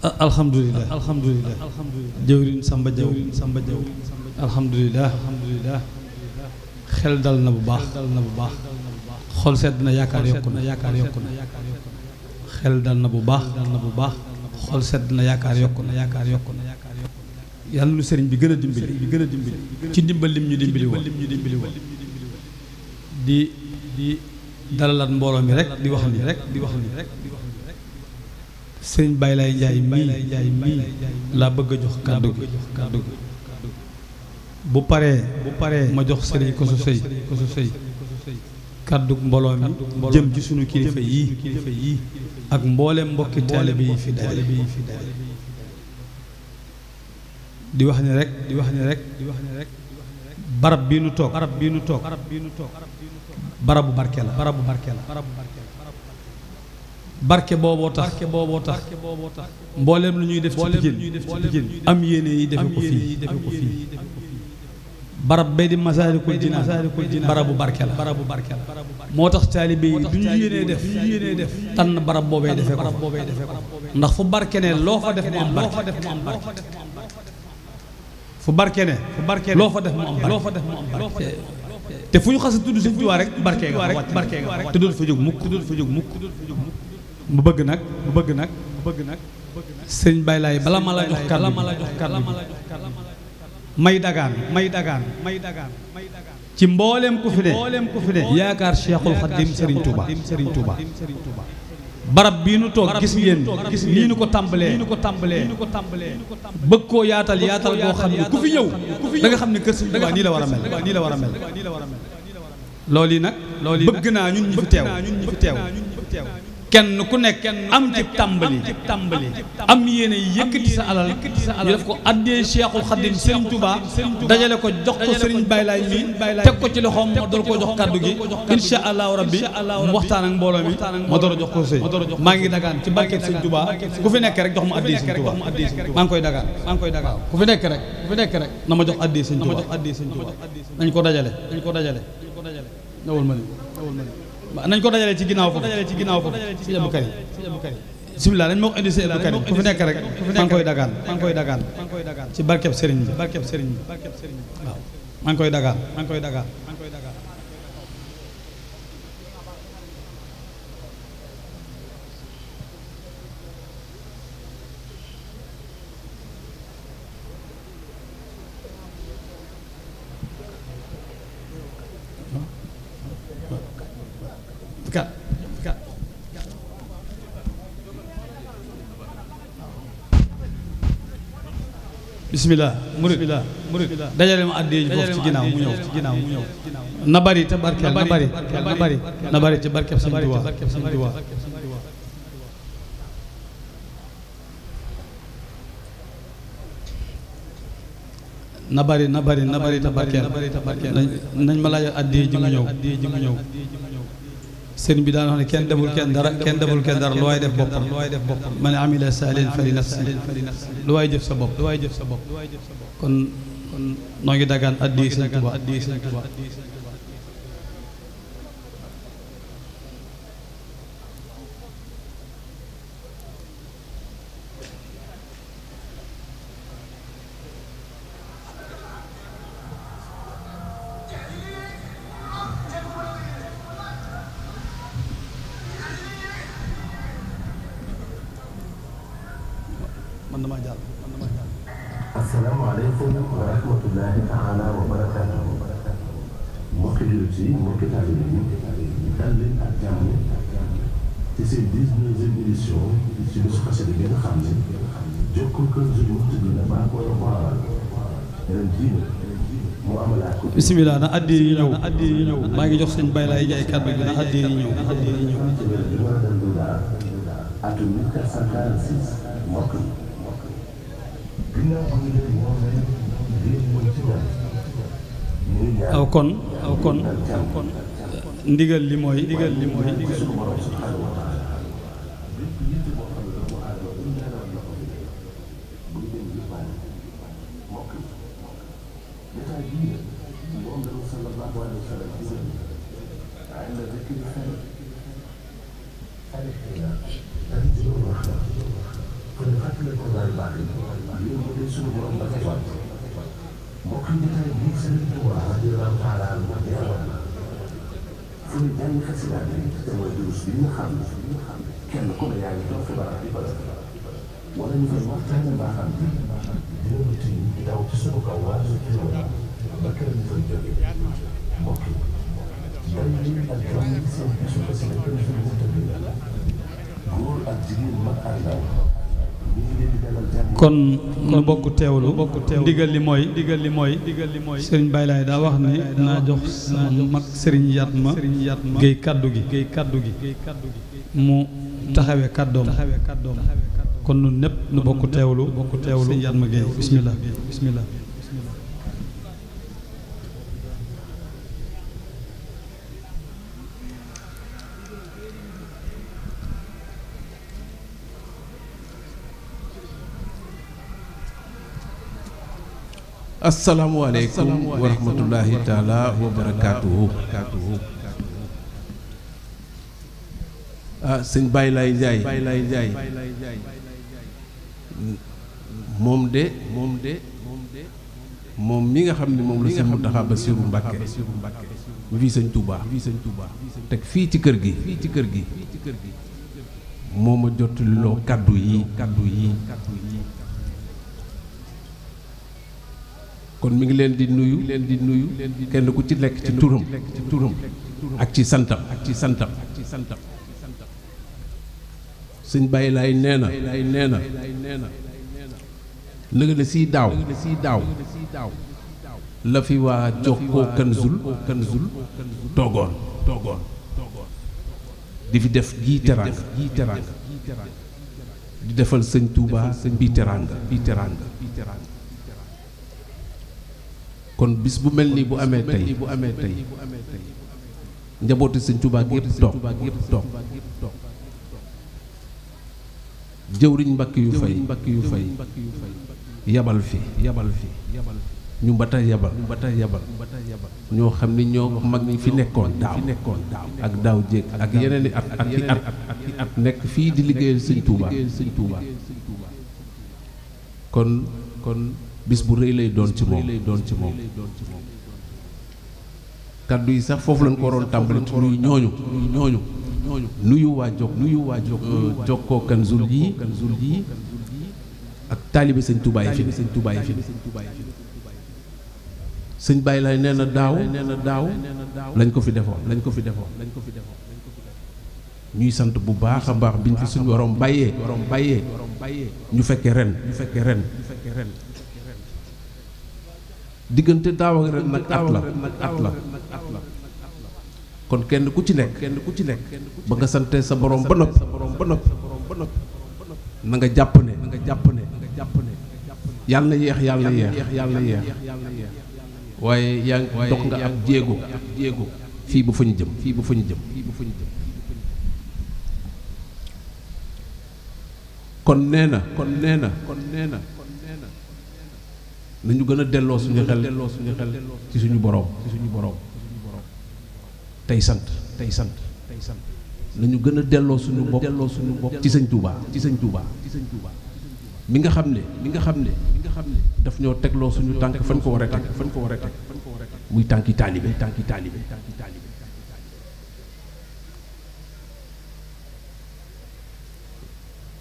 Speaker 1: alhamdulilah alhamdulilah jëwriñ Samba Jaw Samba Jaw alhamdulilah alhamdulilah xel dal na bu baax dal na bu baax xol sedd na yaakaar yokku na yaakaar yokku na xel dal na bu baax dal na bu baax xol sedd na yaakaar yokku na yaakaar yokku na yàlla lu sëriñ bi gën a dimbali bi gën a dimbali ci dimbal lim ñu dimbali woon di di dalalaat mbooloo mi rek di wax ni rek di wax ni rek di wax ni rek sëñ Baye Lay Njaay mii laa bëgg a jox kàddu gi bu paree bu paree ma jox sëriñ Koso Sëy Koso Sëy kàddu mbooloo mi jëm ci sunu kilifa yii kilifa yii ak mboolem mbokki bi yi fi dajale di wax ni rek di wax ni rek di wax ni rek barab bii nu toog barab bii nu toog barab bii nu toog barabu barke la barabu barke la barabu barke la barke booboo tax barke booboo tax mbooleem lu ñuy def ci Pikine am yéene yi defe ko fii defe ko
Speaker 6: fii
Speaker 1: barab bay di Masaalikul Jinaan barabu barke la barabu barke la moo tax taalibe yi du ñu yéenee def du ñu yéenee def tànn barab boobee defe ko ndax fu barke ne loo fa def mu am barke fu barke ne fu barke ne loo fa def mu am loo fa def mu am barke te fu ñu xas a tudd Sëñ Tuubaa rek barke nga barke nga te doon fa jóg mukk te doon fa jóg mukk mu bëgg nag mu bëgg nag mu bëgg nag sëñ Baye Laye bala ma la jox kàddu may dagaan may dagaan may dagaan ci mbooleem ku fi ne yaakaar Cheikhul Khadim Serigne Touba Serigne Touba barab bii nu toog gis ngeen gis nii nu ko tàmbalee nu ko tàmbalee bëgg koo yaatal yaatal koo xam ne ku fi ñëw da nga xam ne kër Sëriñ Tuubaa la war a mel nii la war a mel loolu yi nag. loolu yi nag bëgg naa ñun ñi fi teew ñun ñi fi teew. kenn ku nekk am ci tàmbali am yéene yëkkati sa alal ñu def ko addee Cheikhul Khadim Serigne Touba dajale ko jox ko Serigne Baye Laye mi teg ko ci loxoom ma door koo jox kaddu gi incha allahu rabbi mu waxtaan ak mbooloo a jox ko sëy maa ngi dagaan ci barkeeg Serigne Touba ku fi nekk rek jox ma addee Serigne Touba maa ngi koy dagaan maa ngi koy dagaan ku fi nekk rek ku fi nekk rek na ma jox addee Serigne Touba nañ ko dajale nañ ko dajale nawul ma ni nawul nañ ko dajale ci ginnaaw foofu dajale ci ginnaaw foofu sëñ Abdou Karim bisimilah dañ ma ko indi sëñ Abdou Karim ku fi nekk rek maa ngi koy dagaan maa ngi koy dagaan ci barkeb sëriñ bi barkeb ngi koy dagaan maa ngi koy dagaan bismillah murid murid dajale ma àddee foofu ci mu ñëw ci ginnaaw mu ñëw na bari te barkeel na bari na bari na bari ci barkeb sëñ Tuubaa sëñ Tuubaa na bari na bari na bari te barkeel nañ ma laaj àddee ji mu ñëw sëriñ bi daan wax ne kenn deful kenn dara kenn deful kenn dara lu waay def boppam man amila saalin fali nafsi lu waay jëf sa bopp waay jëf sa bopp kon noo ngi dagaan addi sëriñ Tuubaa bisimilah na addi yi ñëw maa ngi jox seen Baye laay jaay kàddu gi na addi yi ñëw.
Speaker 6: atum 1446 mokk
Speaker 1: aw kon aw kon ndigal li mooy ndigal li mooy ndigal li mooy
Speaker 2: أسفل الجبل
Speaker 3: عند ذكر الحمد
Speaker 6: الحيلة تنزل الرحمة والقتل قضاء الباقي يوم يسوع أمة مقيم تنبيه سنة وعادي الله تعالى عن مديرنا
Speaker 2: fu ñu jàng xasida bi te mooy durus bi nga xam kenn ku ne yaa ngi toog fi barab bi barab wala ñu koy waxtaane mbaaxam bi dina ñu tiim daw ci sunu kaw waa su ci ba kenn ñu koy jóge mbokk yi mbéy mi ak doom yi seen
Speaker 1: bisu bokk teewlu ndigal li mooy ndigal li mooy sëriñ Baylaay daa wax ni naa jox sama mag sëriñ Yatma Géey kàddu gi Géey kàddu gi mu taxawee kàddoom kon nun népp nu bokk teewlu sëriñ Yatma Géey bismillah bismillah
Speaker 2: asalaamualeykum wa rahmatullahi taala wa barakaatuhu ah sëñ Baye Laye Ndiaye Baye Laye Ndiaye moom de moom de moom mi nga xam ne moom la sëñ Mountakha Bassirou Mbacké mu fii sëñ Touba teg fii ci kër gi fii ci kër gi moo ma jot loo kaddu yi kaddu yi kon mi ngi leen di nuyu leen di nuyu kenn ku ci nekk ci turam ci ak ci santam ak ci santam ak ci santam sëñ Baye Laye nee na lay nee na nëga na siy daaw siy daaw la fi waa Jokkoo Kanzul Kanzul toogoon toogoon di fi def gii teraanga di defal sëñ Touba bii teraanga bii teraanga kon bis bu mel nii bu amee tey bu amee tey njabootu sëñ Tuubaa gi yëpp toog yëpp toog jëwriñ mbakk yu fay mbakk yu fay yabal fi yabal fi ñu mbata yabal ñu mbata yabal ñoo xam ni ñoo mag ñi fi nekkoon daaw ak daaw jéeg ak yeneen i at ak nekk fii di liggéeyal sëñ Tuubaa sëñ kon kon bis bu rëy lay doon ci moom lay doon ci moom kaddu yi sax foofu lañ ko waroon tàmbali ci nuyu ñooñu ñooñu nuyu waa jog nuyu waa jog euh, jokkoo Kanzul yi Kanzul yi ak taalibe sëñ Tuubaa yi fi sëñ Tuubaa yi fi sëñ Baye lay nee na daaw nee na daaw lañ ko fi defoon lañ ko fi defoon lañ ko fi defoon ñuy sant bu baax a baax biñ fi suñu waroom bàyyee ñu fekkee ren ñu fekkee ren ñu fekkee ren diggante daaw ak ren nag at la at la kon kenn ku ci nekk kenn ku ci nekk ba nga sante sa borom ba noppi na nga jàpp ne na nga jàpp ne yàlla na yeex yàlla na yeex yàlla na yeex
Speaker 1: waaye yaa ngi dox nga ak jéego jéego
Speaker 2: fii bu fa jëm fii bu fa ñu jëm fii bu fa na kon nee na kon nee na nañu gën a delloo suñu xel delloo suñu xel ci suñu boroom ci suñu boroom tey sant tey sant tey sant nañu gën a delloo suñu bopp delloo suñu bopp ci sañ Touba ci sañ tuubaa ci sëñ Touba mi nga xam ne mi nga xam ne mi nga xam ne daf ñoo tegloo suñu tànk fan ko war a teg fan ko war a muy tànki taalibe tànki taalibe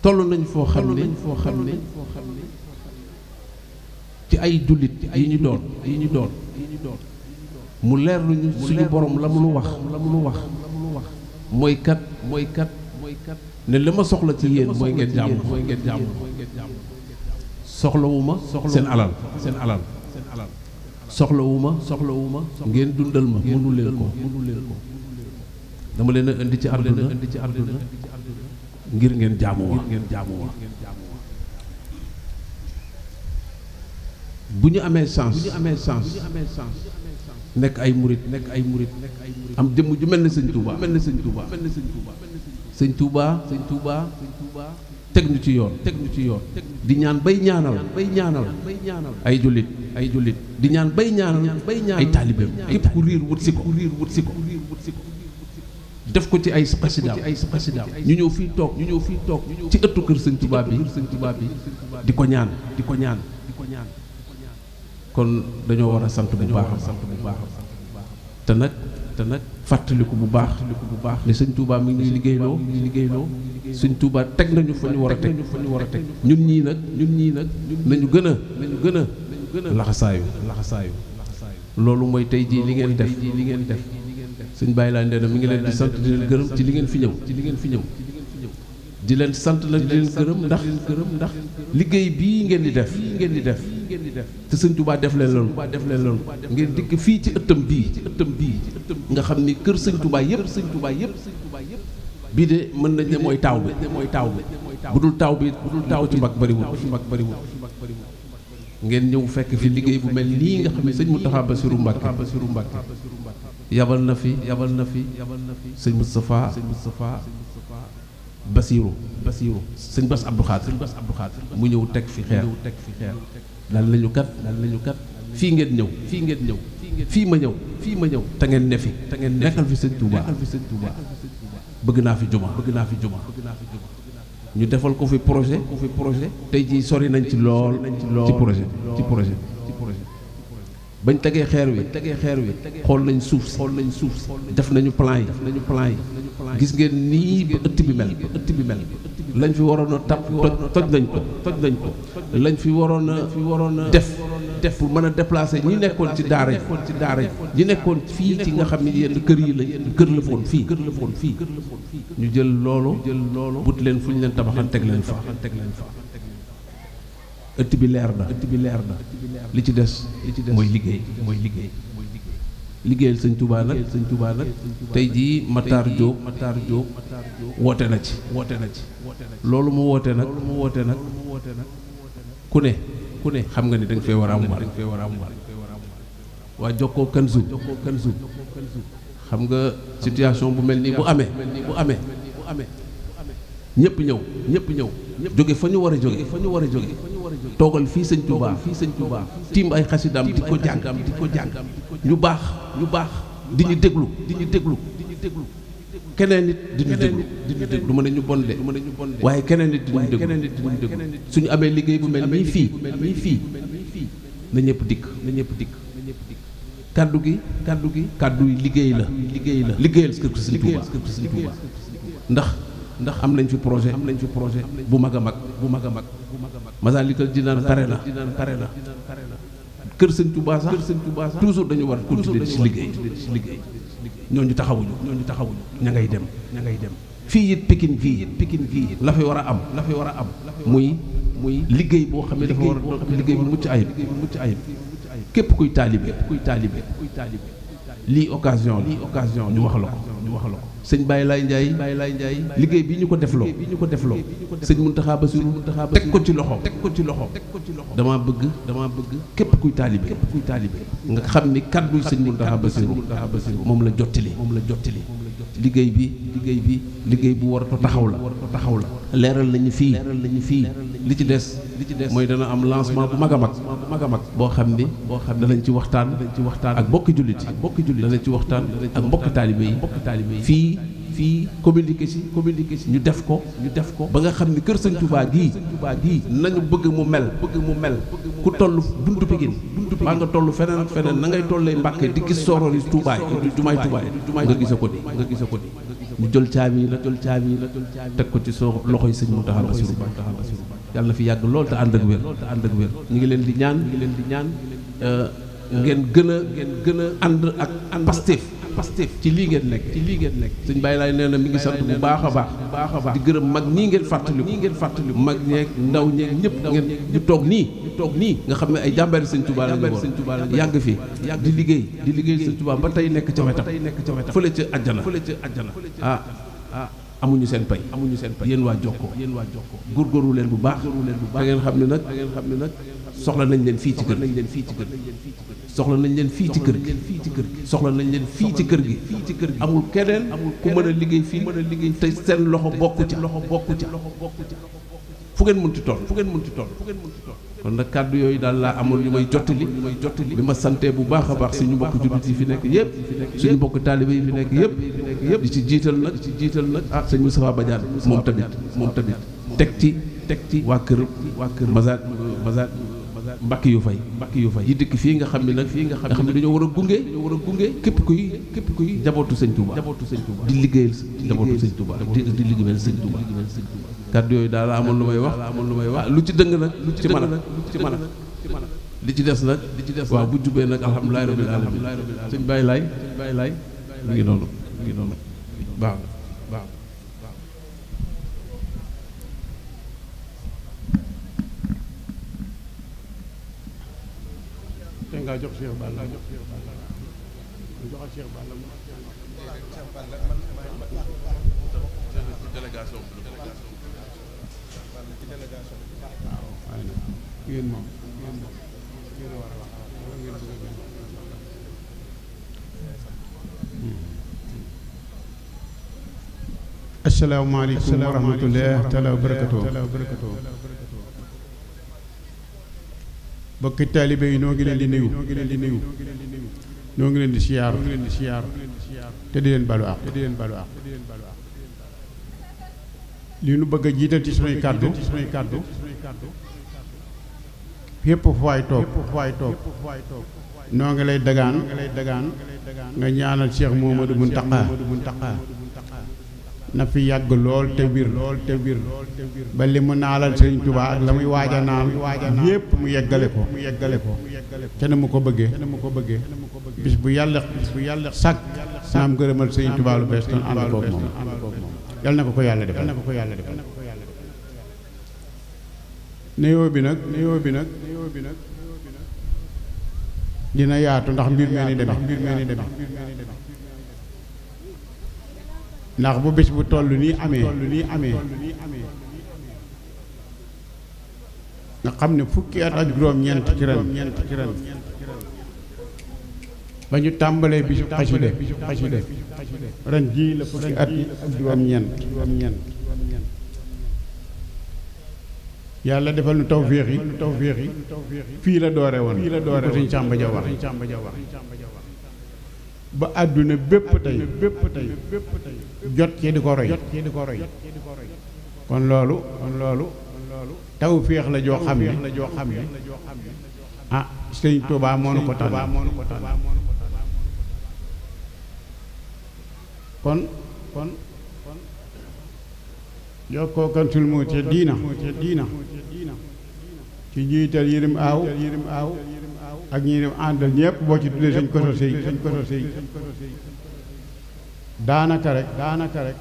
Speaker 2: toll nañ foo xam ne ci ay jullit yi ñu doon yi ñu doon mu leer luñu suñu borom la mu lu wax mu wax mooy kat mooy kat mooy ne li ma soxla ci yéen mooy ngeen jàmm mooy ngeen jàmm soxlawu ma seen alal seen alal soxlawu soxlawuma soxlawu ma ngeen dundal ma mënu leen ko mënu leen dama leen a indi ci àdduna indi ci àdduna ngir ngeen jaamu wa ngeen jaamu bu ñu amee sens bu ñu amee sens nekk ay murit nekk ay murit am jëmm ju mel ne sëñ Touba mel ne sëñ Touba mel ne sëñ Touba sëñ Touba sëñ Touba teg ñu ci yoon teg ñu ci yoon di ñaan bay ñaanal bay ñaanal ay jullit ay jullit di ñaan bay ñaanal ay taalibeem képp ku riir wut si ko wut si ko def ko ci ay xasidaam ay xasidaam ñu ñëw fii toog ñu ñëw fii toog ci ëttu kër sëñ Touba bi sëñ Touba bi di ko ñaan di ko ñaan di ko ñaan kon dañoo war a sant bu baax a sant bu baax te nag te nag fàttaliku bu baax bu baax ne sëñ Touba mi ngi liggéey liggéeyloo mi ngi liggéeyloo sëñ Touba teg nañu fa ñu war a teg fa ñu war a teg ñun ñii nag ñun ñii nag nañu gën a nañu a gën a laxasaayu laxasaayu loolu mooy tey jii li ngeen def li ngeen def sëñ Baye Laye Ndéna mi ngi leen di sant di leen gërëm ci li ngeen fi ñëw ci li ngeen fi ñëw di leen sant nag di leen gërëm ndax gërëm ndax liggéey bii ngeen di def ngeen di def ngeen di def te sëñ Touba def leen loolu def leen loolu ngeen dikk fii ci ëttam bii ci ëttam bii nga xam ni kër sëñ Touba yëpp sëñ Touba yëpp bii de mën nañ ne mooy taaw bi mooy taaw bi bu dul taaw bi bu dul taaw ci mbag bëriwul ci mbag bëriwul ngeen ñëw fekk fi liggéey bu mel nii nga xam ne sëñ Moustapha Bassirou Mbacké yabal na fi yabal na fi sëñ Moustapha sëñ Moustapha Bassirou Bassirou sëñ Bass Abdou Khadre sëñ Bass Abdou mu ñëw teg fi xeer teg fi xeer dal nañu kat dal nañu kat fii ngeen ñëw fii ngeen ñëw fii ma ñëw fii ma ñëw te ngeen ne fi te ngeen nekkal fi sëñ Touba nekkal fi sëñ Touba bëgg naa fi juma bëgg naa fi juma bëgg naa fi ñu defal ko fi projet ko fi projet tey jii sori nañ ci lool ci projet ci projet ci projet bañ tegee xeer wi tegee xeer wi xool nañ suuf si xool suuf si def nañu plan yi def nañu plan yi gis ngeen nii ba ëtt bi mel bi ëtt bi mel lañ fi waroon a tàpp toj nañ ko toj nañ ko lañ fi waroon a waroon a def def pour mën a déplacer ñi nekkoon ci daara ci daara ñi nekkoon fii ci nga xam ne yenn kër yi la kër la foon fii kër la foon fii ñu jël loolu jël loolu but leen fu ñu leen tabaxan teg leen fa teg leen fa ëtt bi leer na ëtt bi leer na li ci des li ci des mooy liggéey mooy liggéey liggéeyal sëñ tubaa nag sëñ tubaa nag tey jii Matar Diop Matar Diop woote na ci woote na ci loolu mu woote nag mu woote nag ku ne ku ne xam nga ni da nga fee war a am war fee war a am war waa Jokkoo Kanzu Jokkoo Kanzu xam nga situation bu mel nii bu amee bu amee bu amee ñëpp ñëw ñëpp ñëw jóge fa ñu war a jóge fa ñu war a jóge toogal fii sëñ Touba fii sëñ Touba tiim ay xasidaam di ko jàng di ko jàng ñu baax ñu baax di ñu déglu di ñu déglu di ñu déglu keneen nit di ñu déglu di ñu déglu du ma ne ñu bon de waaye keneen nit di ñu déglu suñu amee liggéey bu mel nii fii nii fii na ñëpp dikk na ñëpp dikk kaddu gi kaddu gi kaddu yi liggéey la liggéey la liggéeyal kër Sëñ Touba ndax ndax am nañ fi projet am nañ fi projet bu mag a mag bu mag a mag Masaalikal Jinaan pare na pare la kër sëñ Touba sax kër sëñ Touba toujours dañu war a continuer ci liggéey ci liggéey ñooñu taxawuñu ñooñu taxawuñu ña ngay dem ña ngay dem fii it Pikine fii it Pikine fii la fi war a am la fi war a am muy muy liggéey boo xam ne dafa war liggéey bu mucc ayib mucc ayib képp kuy taalibe kuy taalibe lii occasion lii occasion ñu wax la ko ñu la ko sëñ Baye laay njaay Baye Laye Ndiaye liggéey bi ñu ko defloo bi ñu ko defloo sëñ Mountakha Bassirou Mountakha teg ko ci loxo teg ko ci loxo teg ko ci loxo damaa bëgg damaa bëgg képp kuy taalibe képp kuy nga xam ni kat kàddu sëñ Mountakha Bassirou Mountakha Bassirou moom la jottali moom la jottali liggéey bi liggéey bi liggéey bu waratu taxaw la taxaw la leeral nañu fii li ci des li ci des mooy dana am lancement bu mag a mag mag a mag boo xam ni boo xam ne danañ ci waxtaan ci waxtaan ak bokki jullit ak bokki jullit danañ ci waxtaan ak mbokki taalibe yi fii fii communiqué si communiqué si ñu def ko ñu def ko ba nga xam ni kër sëñ Touba gii nañu bëgg mu mel bëgg mu mel ku toll buntu Pikine maa nga toll feneen ak feneen na ngay tollee Mbàkke di gis sooroon yi Touba yi jumaay Touba yi nga gise ko di nga gise ko di mu jël caabi la jël caabi la teg ko ci soo loxoy sëñ mu taxal asuru yàlla fi yàgg lool te ànd ak wér te ànd ak wér ñu ngi leen di ñaan ñu leen di ñaan euh, ngeen gën a ngeen gën a ànd ak Pastef Pastef ci lii ngeen nekk ci lii ngeen nekk suñ bàyyi laay nee na mi ngi sant bu baax a baax baax a baax di gërëm mag ñii ngeen fàttaliku nii ngeen mag ñeeg ndaw ñeeg ñëpp ngeen ñu toog nii toog nii nga xam ne ay jàmbaari sëñ Tuubaa la ñu yàgg fi di liggéey di liggéey sëñ Tuubaa ba tey nekk ca wetam fële ca àjjana fële ca àjjana ah ah amuñu seen pay amuñu seen pay yéen waa Jokkoo yéen waa Jokkoo góorgóorlu leen bu baax da ngeen xam ne nag da ngeen xam ne nag soxla nañ leen fii ci kër nañ leen fii ci kër soxla nañ leen fii ci kër fii ci kër soxla nañ leen fii ci kër gi fii ci amul keneen ku mën a liggéey fii mën a liggéey te seen loxo bokku ci loxo bokku ci bokku ci fu ngeen mënti toll fu ngeen mënti toll fu ngeen mënti toll kon nag kàddu yooyu daal laa amul li may jottali li may jottali bi ma sante bu baax a baax suñu mbokk jullit yi fi nekk yëpp suñu mbokk taalibe yi fi nekk yëpp yëpp di ci jiital nag ci jiital nag ah sëñ Moustapha Badiane moom tamit moom tamit teg ci teg ci waa kër waa kër Mazat Mazat mbakki yu fay mbakki yu fay yi dëkk fii nga xam ne nag fii nga xam ne dañoo war a gunge dañoo war a gunge képp kuy képp kuy jabootu sëñ Touba jabootu sëñ Touba di liggéeyal jabootu sëñ Touba di liggéeyal sëñ Touba kàddu yooyu daal a lu may wax amoon lu may wax ah, lu ci dëng nag lu ci mën a ci mën a li ci des nag li ci des waaw bu jubee nag alhamdulilahi rabbil alamin sëñ Baye Laye Baye laay mu ngi noonu mu ngi noonu baax
Speaker 5: mën ngaa jox Cheikh Balla jox Cheikh Balla jox Cheikh
Speaker 4: Balla
Speaker 2: délégation
Speaker 5: waaw waaye nag ngeen moom ngeen moom ngeen war a wax wala ngeen bëgg a asalaamaaleykum wa rahmatulah taala wa barakatuh bokki taalibe yi noo ngi leen di nuyu noo ngi leen di nuyu noo ngi leen di siyaar noo ngi leen di siyaar te di leen balu àq te di leen balu àq li nu bëgg a jiital ci sunuy kàddu ci sunuy kàddu fépp fu waay toog fépp toog
Speaker 1: noo ngi lay dagaan nga ñaanal Cheikh Mouhamadou Mountakha
Speaker 5: na fi yàgg lool te wir lool te wir ba li mu naalal sëriñ Tuubaa ak la muy waaj a naal yépp mu yeggale ko mu yeggale ko te na mu ko bëggee mu ko bëggee bis bu yàlla bis bu yàlla sàkk naam gërëmal sëriñ Tuubaa lu bees doon ànd koog moom na ko ko yàlla defal na ko ko yàlla defal nuyoo bi nag nuyoo bi nag nuyoo bi nag dina yaatu ndax mbir mee ni demee mbir mee ni demee ndax bu bis bu toll nii amee toll nii amee nga xam ne fukki at ak juróom-ñeent ci ren ci ren ba ñu tàmbalee bisu xasida xasida ren jii la fukki at ak juróom-ñeent juróom-ñeent yàlla defal nu tawféex yi tawféex yi fii la doore woon fii la doore woon sëñ Samba Dia wax ba àdduna bépp tey bépp tey jot ci di ko roy jot ci di ko roy
Speaker 1: kon loolu kon loolu taw féex la joo xam ne joo xam ne
Speaker 5: ah sëñ Touba ah, moo nu ko tànn kon kon jokkoo kantul moo ca diina diina ci njiital yërim ak ñi dem àndal ñëpp boo ci tuddee sëñ Koso Sëy sëñ Koso Sëy daanaka rek daanaka rek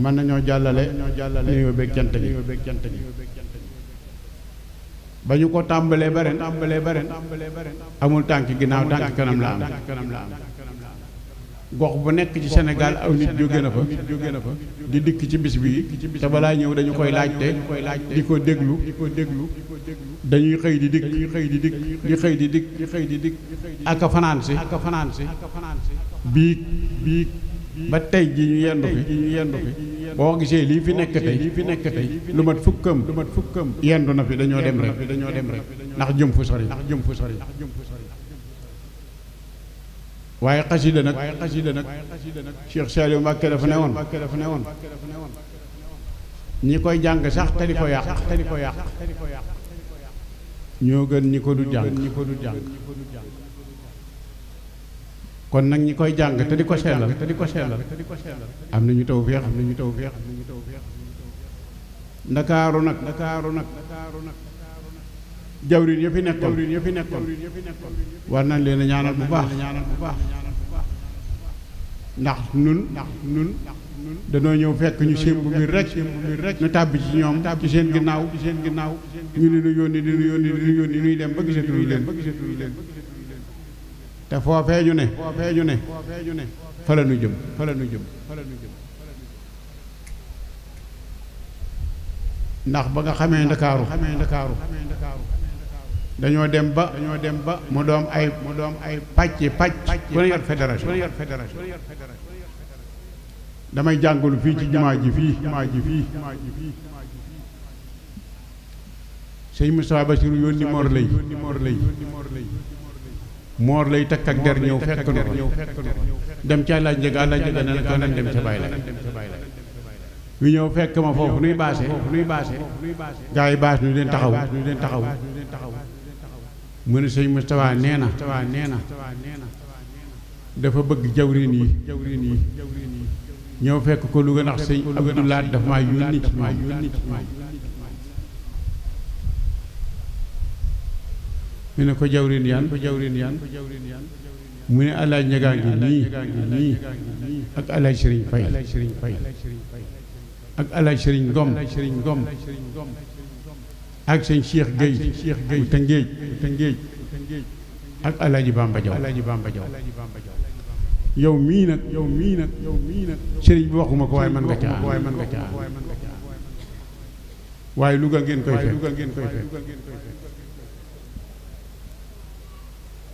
Speaker 5: mën nañoo jàllale nuyoo beeg cant gi ba ñu ko tàmbalee ba ren amul tànk ginnaaw tànk kanam la am. gox bu nekk ci senegal aw nit jóge na fa di dikk ci bis bi te balaa ñëw dañu koy laajte di ko déglu dañuy xëy di dikk di xëy di dikk di xëy di dikk di xëy dikk ak a fanaansi biig biig ba tey ji ñu yendu fi ñu yendu fi boo gisee lii fi nekk tey lii fi nekk tey lu mat fukkam lu mat fukkam yendu na fi dañoo dem rek dañoo dem rek ndax jëm fu sori ndax jëm fu sori waaye xasida nag waaye xasida nag Cheikh Saliou Mbacké dafa ne woon dafa ne woon ñi koy jàng sax te di ko yàq te di ko yàq ñoo gën ñi ko du jàng ñi ko du jàng kon nag ñi koy jàng te di ko sellal te di ko sellal am na ñu taw feex am na ñu taw feex ndakaaru nag ndakaaru nag jawrin ya fi nekkoon jawrin ya fi nekkoon war nañ leen a ñaanal bu baax ndax nun ndax nun danoo ñëw fekk ñu sémb mbir rek rek ñu tàbbi ci ñoom ci seen ginnaaw ci seen ginnaaw ñu li nu yónni di nu yónni di nu yónni nuy dem ba gisatuñu leen te foofee ñu ne foofee ñu ne fa la nu jëm fa la nu jëm ndax ba nga xamee ndakaaru xamee ndakaaru dañoo dem ba dañoo dem ba mu doom ay mu doom ay pàcc pàcc ku ne yor fédération ku ne damay jàngalu fii ci jumaa ji fii jumaa ji fii sëñ Moustapha Bassirou yónni moor lay moor lay moor lay takk ak der ñëw fekk ñëw dem ca laaj njëga laaj njëga na ko nan dem ca bàyyi la yu ñëw fekk ma foofu nuy baase nuy baase gaa yi baas nu leen taxaw nu leen taxaw mu ne sëñ Moustapha nee na nee na dafa bëgg jawrin yi jawrin yi ñëw fekk ko Louga ndax sëñ Abdou Lahad daf maa yónni ci moom mu ne ko jawrin yan ko jawrin yan mu ne alaaj njagaa ngi nii ak alaaj sëriñ fay ak alaaj sëriñ ngom ak sëñ Cheikh Gueye bu Tëngéej ak El Hadj Bamba Diaw yow mii nag yow mii nag yow mii nag sëriñ bi waxuma ko waaye mën nga caa waaye mën nga caa
Speaker 6: waaye Louga ngeen koy fekk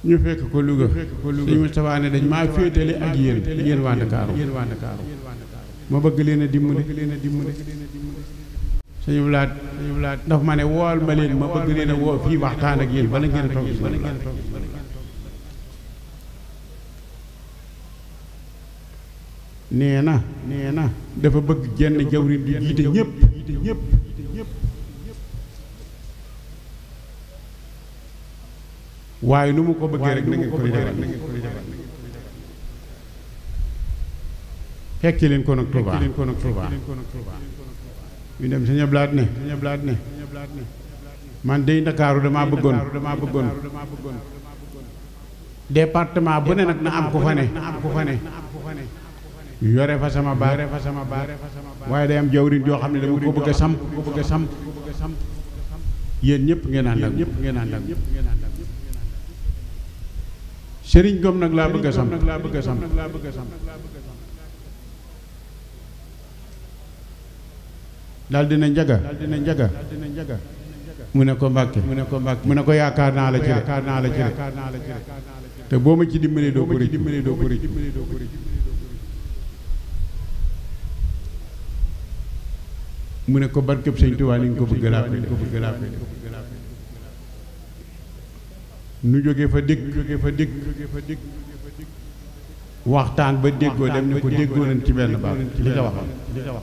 Speaker 5: ñu fekk ko lu Louga sëñ Moustapha ne dañ maa féetale ak yéen yéen waa Ndakaaru ma bëgg leen a dimbale sëñ Blaat daf ma ne wool ma leen ma bëgg leen a woo fii waxtaan ak yéen bala ngeen a toog nee na nee na dafa bëgg jenn jawrin di jiite ñépp waaye nu mu ko bëggee rek na ngeen koy defal fekki leen ko nag Tuubaa ñu dem sëñ Ablaat ne man dey Ndakaaru damaa bëggoon damaa bëggoon département bu ne nag na am ko fa ne na am yore fa sama baar yore fa sama waaye day am jawriñ joo xam ne dama ko bëgg a samp ko bëgg a samp yéen ñëpp ngeen ànd ak ñëpp ngeen ànd ak sëriñ gom nag laa bëgg a samp nag laa bëgg a samp daal dina njaga daal njaga mu ne ko mbàkke mu ne ko mu ne ko yaakaar naa la ci yaakaar naa la ci te boo ma ci dimbalee doo ko rëccu mu ne ko barkeb sëñ Tuubaa li nga ko bëgg laa ko bëgg laa nu jóge fa dégg jógee fa dégg waxtaan ba déggoo dem ne ko déggoo nañ ci benn baax li nga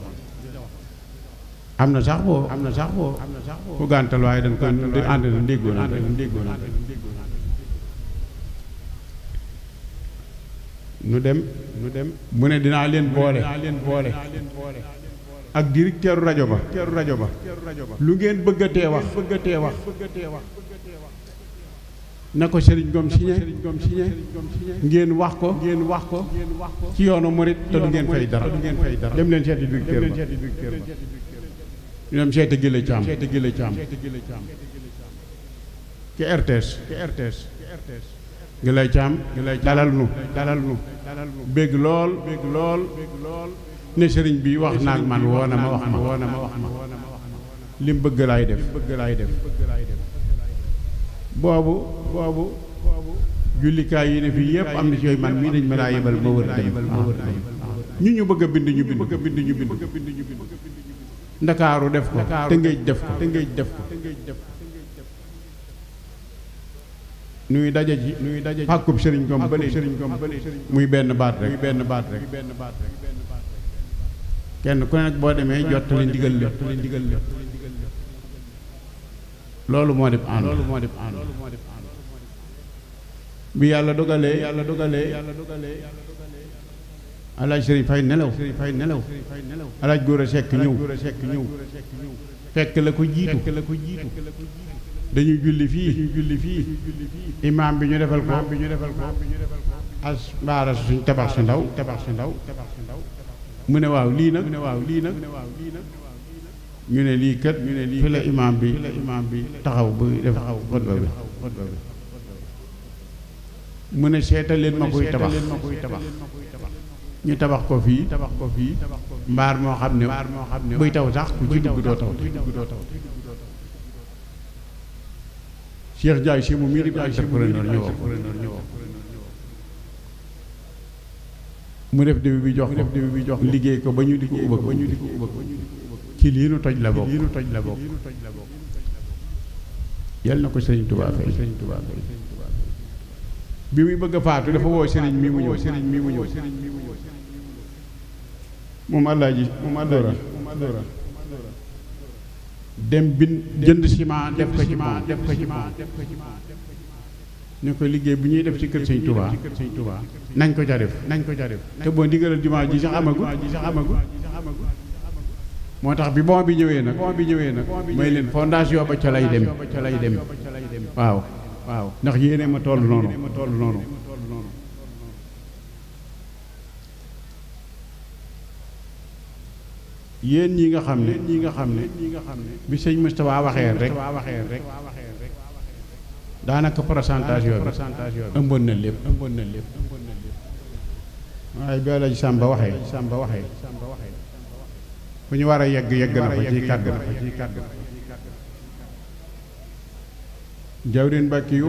Speaker 5: am na sax boo am na sax am na sax boo gàntal waaye dañ ko di ànd na déggoo na nu dem nu dem mu ne dinaa leen boole boole ak directeur rajo ba rajo ba lu ngeen bëggatee wax bëggatee wax na ko Serigne Ngom signé ngeen wax ko ngeen wax ko ci yoonu murit te du ngeen fay dara dem leen seeti directeur ba ñoom Cheikh Gile Thiam Cheikh Gile Thiam ci RTS ci RTS gi lay caam gi lay dalal nu dalal nu bég lool bég lool ne sëriñ bi wax naag man woo ma wax ma woo ma wax ma li bëgg laay def bëgg laay def boobu boobu jullikaay yi ne fii yëpp am na ci yooyu man mii dañ ma daa yebal ma wër dem ñu ñu bëgg a bind ñu bind ñu bind ñu bind ndakaaru def ko tëngéej def ko tëngéej def ko nuy daje ji nuy daje ji pàkkub sëriñ ko gom bële sëriñ gom bële muy benn baat rek benn baat rek kenn ku ne nag boo demee jottali ndigal lépp loolu moo def ànd loolu moo def ànd bi yàlla dogalee yàlla dogalee yàlla dogalee alaaj sëriñ fay nelaw fay nelaw alaaj góor a sekk ñëw ñëw fekk la ko jiitu dañu julli fii julli fii imaam bi ñu defal ko bi ñu defal ko as mbaara suñ tabax su ndaw tabax su ndaw mu ne waaw lii nag mu ne waaw lii nag ñu ne lii kat ñu ne lii fi la imaam bi imaam bi taxaw bu def xutba bi mu ne seetal leen ma koy tabax ñu tabax ko fii tabax ko fii mbaar moo xam ne mbaar moo xam ne buy taw sax ku ci dugg doo taw Cheikh Ndiaye si mu mii di entrepreneur ñu woo mu def début bi jox def début bi jox liggéey ko ba ñu di ko ubba ba ñu di ko ubba ci lii nu toj la bokk lii la bokk yal na ko sëriñ Tuubaa fay sëriñ Tuubaa fay bi muy bëgg a faatu dafa woo sëriñ mu ñëw sëriñ mi mu ñëw moom àllaaji moom àllaaji dem bin jënd ciment def ko ci pont def ko ci pont ñu ko liggéey bu ñuy def ci kër sëñ Touba nañ ko ca def nañ ko ca def te boo ndigalal jumaa ji sax amagu sax amagu moo tax bi bon bi ñëwee nag bon bi ñëwee nag may leen fondation ba ca lay dem ca lay dem waaw waaw ndax yéene ma toll noonu toll noonu yéen ñi nga xam ne ñi nga xam ne ñi nga xam ne bi sëñ Moustapha waxee rek rek daanaka pourcentage yooyu ëmboon na lépp ëmboon na lépp waaye bi laji Samba waxee Samba waxee fu ñu war a yegg yegg na fa ci kàgg na fa ci kàgg na jawrin bàkki yu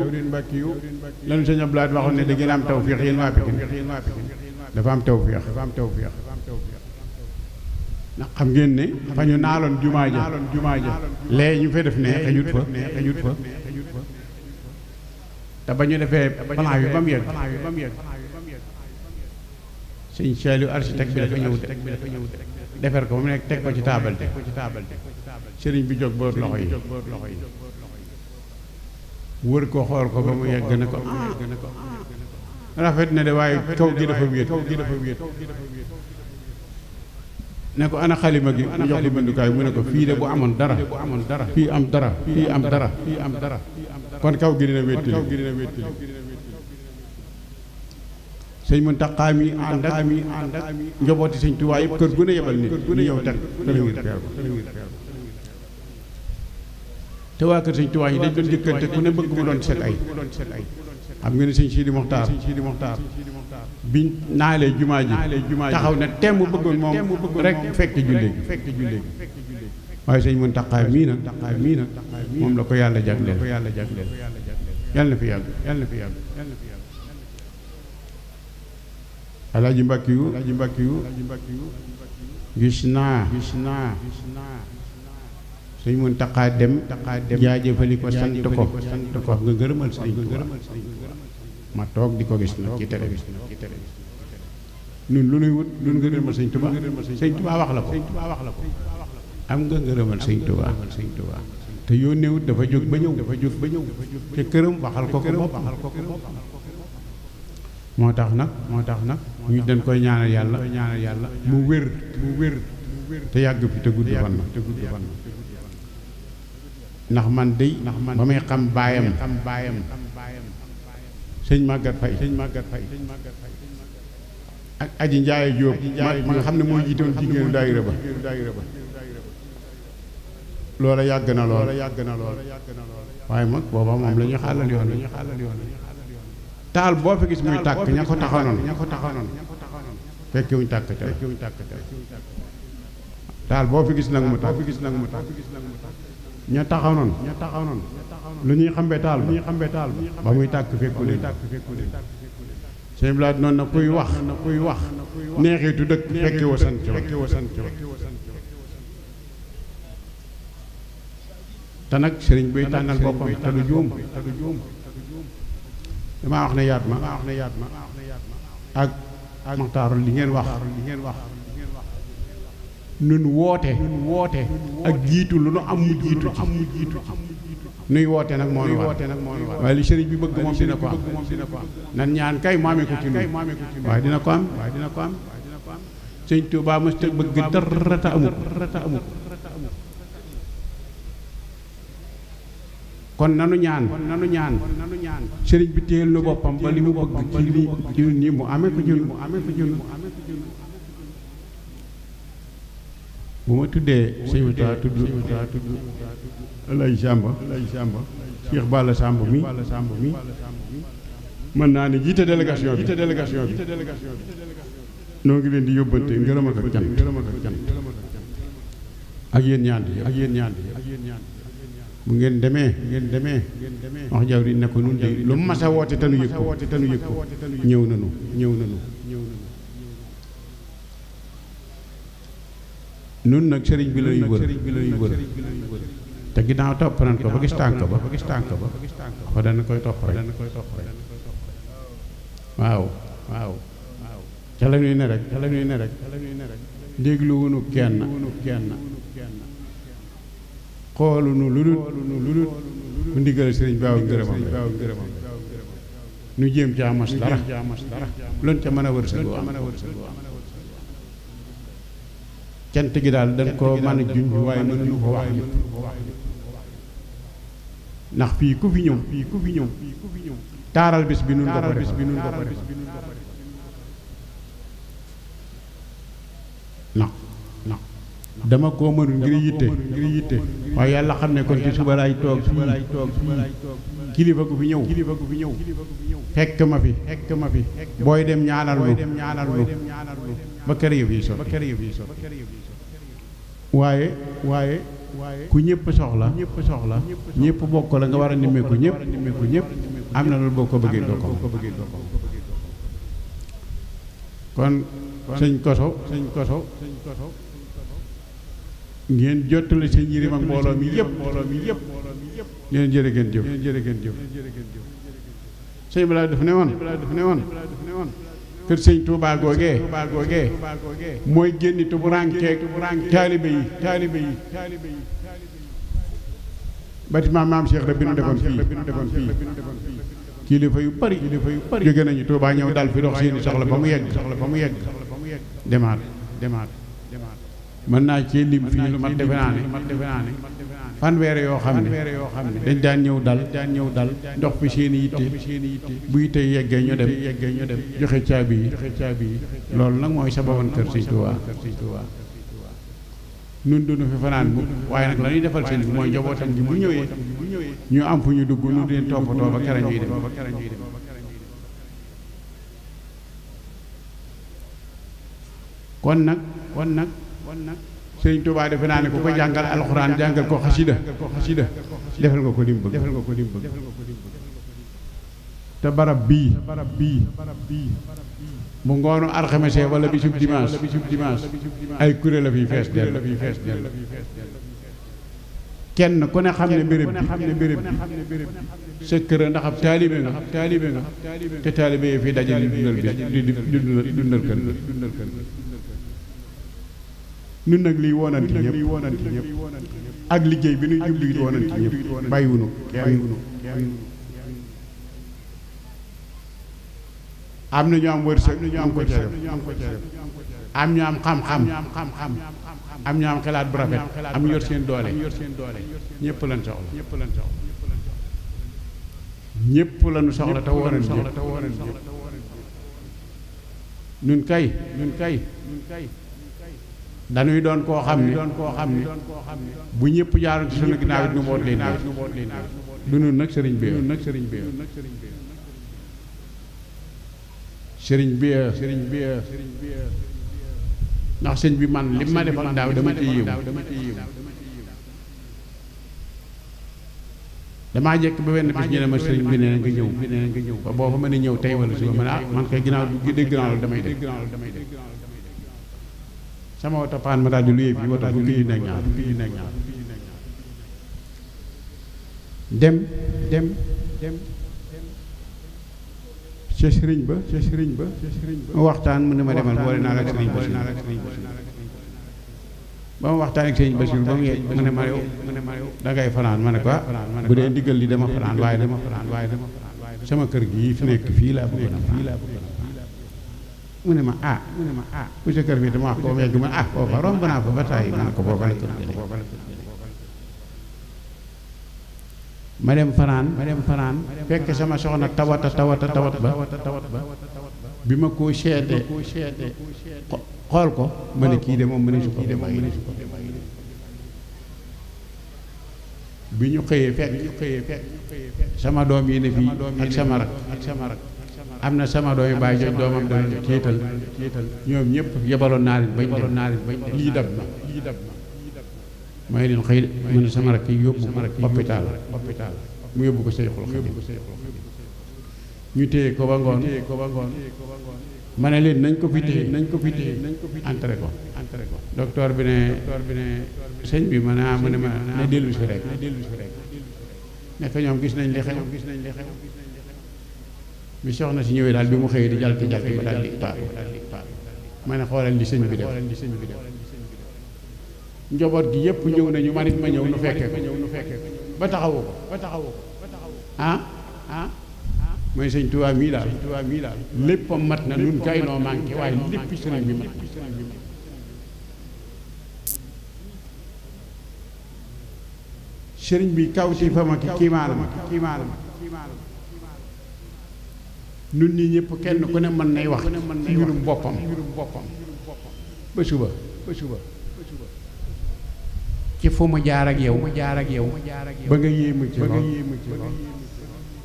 Speaker 5: lanu sëñ Abdoulaye waxoon ne da ngeen am tawféex yéen waa Pikine dafa am tawféex dafa am tawféex ndax xam ngeen ne fa ñu naaloon jumaa jumaa ja lee ñu fay def ne xëyut fa xëyut fa te ba ñu defee plan bi ba mu yegg sëñ Saliou architecte bi dafa ñëw defar ko ba mu nekk teg ko ci taabal bi sëriñ bi jóg boor loxo yi wër ko xool ko ba mu yegg na ko ah.
Speaker 1: rafet na de waaye kaw gi dafa wéet dafa wéet
Speaker 5: ne ko ana xalima gi mu jox ko bindukaay mu ne ko fii de bu amoon dara fii am dara fii am dara fii am dara kon kaw gi dina wéttali sëñ Muntaxa mi ànd ak njobooti sëñ Tuubaa yëpp kër gu ne yebal nit ñu ñëw teg te ngir teer ko te waa kër sëñ Tuubaa yi dañ doon jëkkante ku ne bëgg mu doon seet ay xam nga ne sëñ Sidi Moxtaar bi naalee jumaa ji taxaw na temm bëggoon moom rek fekk julli gi waaye sëñ Muntaxa mii nag mii nag moom la ko yàlla jagleel yàlla na fi yàgg yàlla na fi yàgg alaaji mbàkki yu alaaji mbàkki yu gis naa gis naa sëñ ko sant ko wax nga gërëmal sëñ ma toog di ko gis nag ci télé bi ñun lu nuy wut lu ngërëmal sëñ Tuubaa sëñ Tuubaa wax la ko am nga ngërëmal sëñ Tuubaa te yónneewut dafa jóg ba ñëw dafa jóg ba ñëw te këram waxal ko ko bopp moo tax nag moo tax nag ñu dañ koy ñaanal yàlla ñaanal yàlla mu wér mu wér te yàgg fi te gudd fan te gudd fan ndax man day ba muy xam baayam sëñ Maguette Faye sëñ Maguette Faye sëñ Maguette Faye ak aji Ndiaye Diop ma nga xam ne moo jiitoon jigéenu daayira ba
Speaker 1: loola yàgg na lool
Speaker 5: yàgg na lool waaye mag booba moom la ñu xaalal yoon lañu xaalal yoon taal boo fi gis muy tàkk ña ko taxanoon ña ko taxanoon fekki wuñ tàkk ca taal boo fi gis nag mu tàkk gis nag mu tàkk ña taxaw noonu ña taxaw lu ñuy xambe taal ba ñuy xambe taal ba muy tàkk fekku leen sëñ bi noonu na kuy wax na kuy wax neexitu dëkk fekki wa sant
Speaker 1: te nag sëriñ bay tànnal boppam te du juum damaa wax ne yaat ma
Speaker 5: ak ak maxtaaru li ngeen wax li ngeen wax nun woote woote ak jiitu lu nu am mu jiitu am mu jiitu nuy woote nag moo nu war waaye li sëriñ bi bëgg moom dina ko am nan ñaan kay maame ko ci nun waaye dina ko am waaye dina ko am sëñ Tuubaa mës ta bëgg dara ta amul kon nanu ñaan kon nanu ñaan sëriñ bi téyel nu boppam ba li mu bëgg ci lii mu amee ko ci mu amee ko ci bu ma tuddee sëñ Moussa tudd tudd El Hadj Samba Cheikh Balla Samba mi mën naa ne jiite délégation bi jiite délégation bi noo ngi leen di yóbbante ngërëm ak ak cant ak yéen ñaan ak yéen ñaan bu ngeen demee ngeen demee wax jaww ji ne ko nun de lu masa woote tanu yëg ko ñëw nanu ñëw nanu nun nag sëriñ bi lañuy wër te ginnaaw topp nañ ko ba gis tànk ba ba gis tànk ba fa dana koy topp rek waaw waaw ca la ñuy ne rek ca la ñuy ne rek déglu wunu kenn xoolu nu lu dul lu dul ku ndigal sëriñ baaw ngërëmam nu jéem ca amas dara loolu ca mën a wër sa cant gi daal dañ koo mën a junj waaye mënuñu ko wax ndax fii ku fi ñëw ñëw taaral bi nun ko bis bi nun ko ndax ndax dama koo mënu ngir yitte waaye yàlla xam ne kon ci suba laay toog fii kilifa gu fi ñëw kilifa gu fi ñëw fekk ma fi fekk ma fi booy dem ñaanal lu ba kër yëf yi sotti waaye waaye ku ñëpp soxla ñëpp soxla ñëpp bokk la nga war a nimmeeku ñëpp ñëpp am na loolu boo ko bëggee doo ko kon sëñ koso sëñ koso ngeen jottali sëñ yirim ak mbooloo mi yëpp mbooloo mi yëpp ngeen jërë ngeen jëf ngeen jëf sëñ balaa daf ne woon daf ne woon kër sëñ Touba googee mooy génn tuburankeeg taalibe yi taalibe yi bâtiment maam Cheikh rek bi nu defoon fii kilifa yu bari kilifa yu bari jóge nañu Touba ñëw dal fi dox seeni soxla ba mu yegg soxla ba mu yegg demaat demaat mën naa ci lim fii lu mat defe naa ne fanweer yoo xam ne dañ daan ñëw dal daan ñëw dal ndox bi seen i yitte bu yitte yeggee ñu dem yeggee ñu dem joxe caabi yi joxe caabi yi loolu nag mooy sababoon kër Sëñ Tuubaa nun dunu fi fanaan bu waaye nag la defal seen mooy mooy njabootam gi bu ñëwee ñu am fu ñu dugg nu di leen toppatoo ba kera ñuy dem kon nag kon nag kon nag sëriñ Touba defe naa ne ku ko jàngal alxuraan jàngal ko xasida xasida defal nga ko li bëgg defal nga ko li mu bëgg te barab bii barab bii bu ngoonu alxames wala bisub dimanche dimanche ay kuréel la fiy fees dell la fiy fees dell kenn ku ne xam ne béréb bi sa kër ndax ab taalibe nga taalibe nga te taalibe yi fi daje di dundal bi di dundal kër nun nag liy woonante ñëpp ak liggéey bi nu jublu it woonante ñëpp bàyyiwunu kenn am na ñu am wërsëg ñu am ko ca def am ñu am xam-xam am ñu am xalaat bu rafet am ñu yor seen doole ñëpp lan soxla ñëpp lañu soxla te woonal ñëpp nun kay nun kay dañuy doon koo xam ne doon koo xam ne bu ñëpp jaaroon ci sunu ginnaaw it nu boot leen du nun nag sëriñ bi nag sëriñ bi sëriñ bi sëriñ bi sëñ bi man li ma defal daaw dama ci yëw damaa jekk ba benn bis ñu ne ma sëriñ bi nee na nga ñëw boo fa mën a ñëw tey wala suba man ah man kay ginnaaw gi dégg naa loolu damay def sama oto paan ma daal di luyee bi oto bu kii nekk ñaar kii nekk ñaar dem dem dem ca sëriñ ba ca sëriñ ba ma waxtaan mu ne ma demal boole naa la waxtaan ak sëriñ Basiru ba mu yegg mu ma ne ko ah bu dee ndigal li sama kër gii fi nekk fii laa mu ne ma ah mu ne ma ah monsieur Kër bi dama wax ko yegg ma ah foofa romb naa ko ba tàyyi ma ne ko booba la kër gi ma fanaan ma dem fanaan fekk sama soxna tawata tawata tawat ba bi ma koo seetee xool ko ma ne kii de moom mëneesu ko bi ñu xëyee fekk sama doom yi ne fii ak sama rak am na sama doomi baay jooju doomam dana jiital ñoom ñëpp yebaloon naa leen bañ dem lii dab na
Speaker 1: may leen xëy mu ne sama rakk yóbbu hôpital mu yóbbu ko Seyxul Xadim
Speaker 5: ñu téye ko ba ngoon ma ne leen nañ ko fi téye nañ ko fi téye entré ko docteur bi ne sëñ bi ma ne ah mu ne ah, ma ne dellu si rek nekk ñoom gis nañ li bi soxna si ñëwee daal bi mu xëyee di jàll ci jàll ba daal di taal ma ne xoolal li sëñ bi def njaboot gi yëpp ñëw nañu man ma ñëw nu fekkee ba taxawu ko ba taxawu ko ah ah mooy sëñ Tuubaa mii daal lépp a mat na nun kay noo manqué waaye lépp sëriñ bi mat sëriñ bi kaw ci fa ma ki kiimaanam kiimaanam nun ñi ñëpp kenn ku ne mën nay wax ci mbirum boppam ba suba ba suba ci fu mu jaar ak yow mu jaar ak yow ba nga yéemu ci lool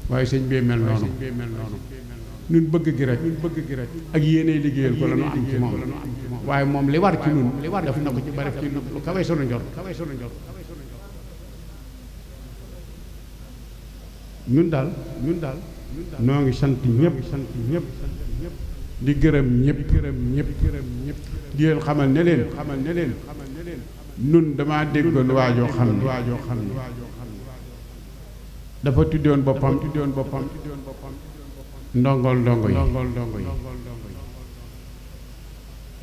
Speaker 5: waaye sëñ bee mel noonu nun bëgg gi rek ak yéenay liggéeyal ko la nu am ci moom waaye moom li war ci nun daf na ko ci baref ci lu kawee sunu njor nun daal nun daal noo ngi sant ñëpp sant ñëpp di gërëm ñëpp gërëm ñëpp ñëpp di leen xamal ne leen xamal ne leen nun damaa déggoon waajoo xam ne waajoo dafa tuddoon boppam tuddoon boppam ndongol ndongo yi ndongol ndongo yi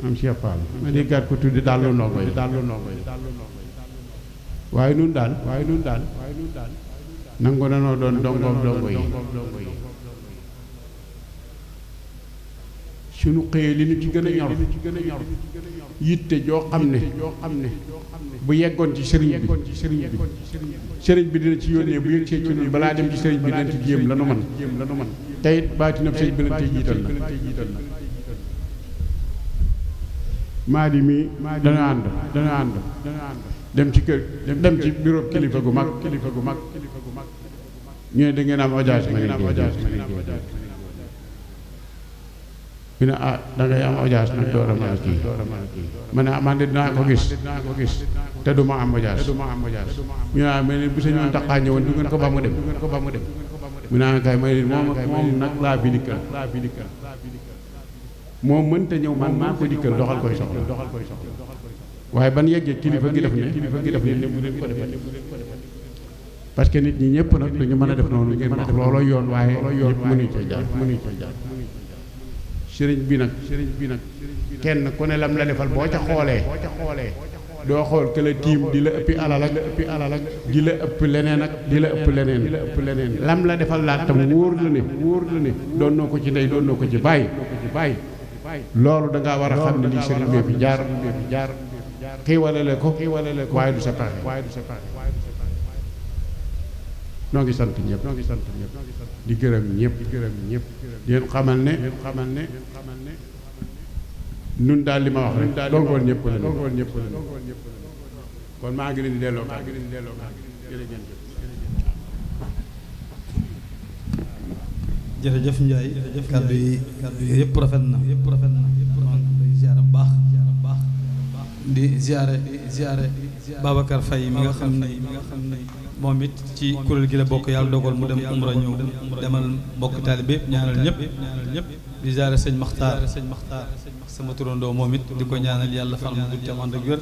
Speaker 5: am Cheikh Fall ma ni gar ko tuddi dàllu ndongo yi dàllu ndongo yi waaye nun daal waaye nun daal nangu nanoo doon dongoom dongo yi sunu xëyee li nu ci gën a ñor yitte joo xam ne bu yeggoon ci sëriñ bi sëriñ bi dina ci yónnee bu yëgsee ci ñun balaa dem ci sëriñ bi dina ci jéem lanu man te it baatinam sëriñ bi lañ jiital na maadi mi dana ànd dana ànd dem ci kër dem ci bureau kilifa gu mag kilifa gu mag ñu ne da ngeen am audience manekiin ñu ne ah da ngay am audience nag door kii ma ne man de dinaa ko gis te du ma am audience ñu ne ma ne bu sa ñoon taqaa ñëwoon du ngeen ko ba mu dem mu naa kay may moom moom nag laa fi dikkal moom mënta ñëw man maa ko dikkal doxal koy soxla waaye ban yeggee kilifa gi def ne kilifa gi def ne bu leen ko defal parce que nit ñi ñëpp nag du ñu mën a def noonu ngeen wax looloo yoon waaye ñëpp mënuñu ca jaar mënuñu ca jaar sëriñ bi nag sëriñ bi nag kenn ku ne lam la defal boo ca xoolee doo xool que tiim di la ëppi alal ak ëppi alal ak di la ëpp leneen ak di la ëpp leneen di la ëpp leneen lam la defal laa tam wóor la ne wóor la ne doon noo ko ci ndey doon noo ko ci bàyyi bàyyi loolu da ngaa war a xam ne lii sëriñ bi fi jaar jaar xiiwalale ko waaye du sa pare noo ngi sant ñëpp noo ngi sant ñëpp di gërëm ñëpp di gërëm ñëpp di leen xamal ne leen xamal ne nun daal li ma wax rek daal dongool ñëpp la dongool ñëpp la kon maa ngi leen di delloo maa ngi leen di delloo
Speaker 6: jërëjëf jërëjëf Ndiaye jërëjëf kàddu yi kàddu yi yëpp rafet na
Speaker 1: yëpp rafet na ziyaara bu baax baax di ziyaare di ziyaare Babacar Faye mi nga xam ne mi nga xam ne moom it ci kuréel gi la bokk yàlla dogal mu dem umra ñëw demal mbokk taalibe yëpp ñaanal ñëpp ñëpp di jaare sëñ Maxtaar sama turandoo moom it di ko ñaanal yàlla fan mu gudd am ànd ak wér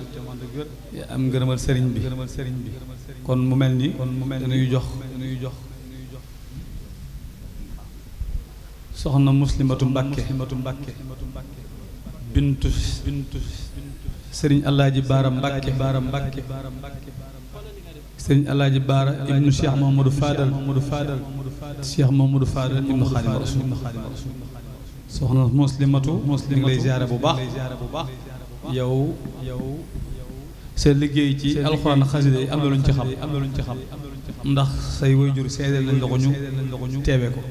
Speaker 1: am ngërëmal sëriñ bi kon mu mel ni dañuy yu dañuy jox soxna muslimatu mbàkke bintu bintu sëriñ Alaaji Baara Mbàkke Baara Mbàkke sëriñ alaaji baara ibnu cheikh mamadou fadal cheikh mamadou fadal ibnu xaadim rasul soxna muslimatu muslim lay ziyaare bu baax yow yow sa liggéey ci alxuraan xasida yi am na luñ ci xam am luñ ci xam ndax say waajur seedeel lañ la ko ñu teewee ko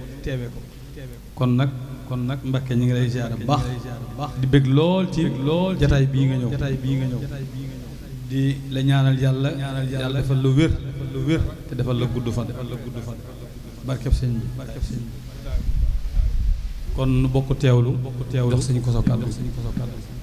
Speaker 1: kon nag kon nag Mbàkke ñi ngi lay ziyaare bu baax di bëgg lool ci lool jataay bii nga ñëw jataay bii nga ñëw di la ñaanal yàlla ñaanal yàlla defal lu wér lu wér te defal la gudd fa la gudd fan barkeb sëñ bi barkeb sëñ bi kon bokk teewlu bokk teewlu dox sëñ koso kàddu sëñ koso kàddu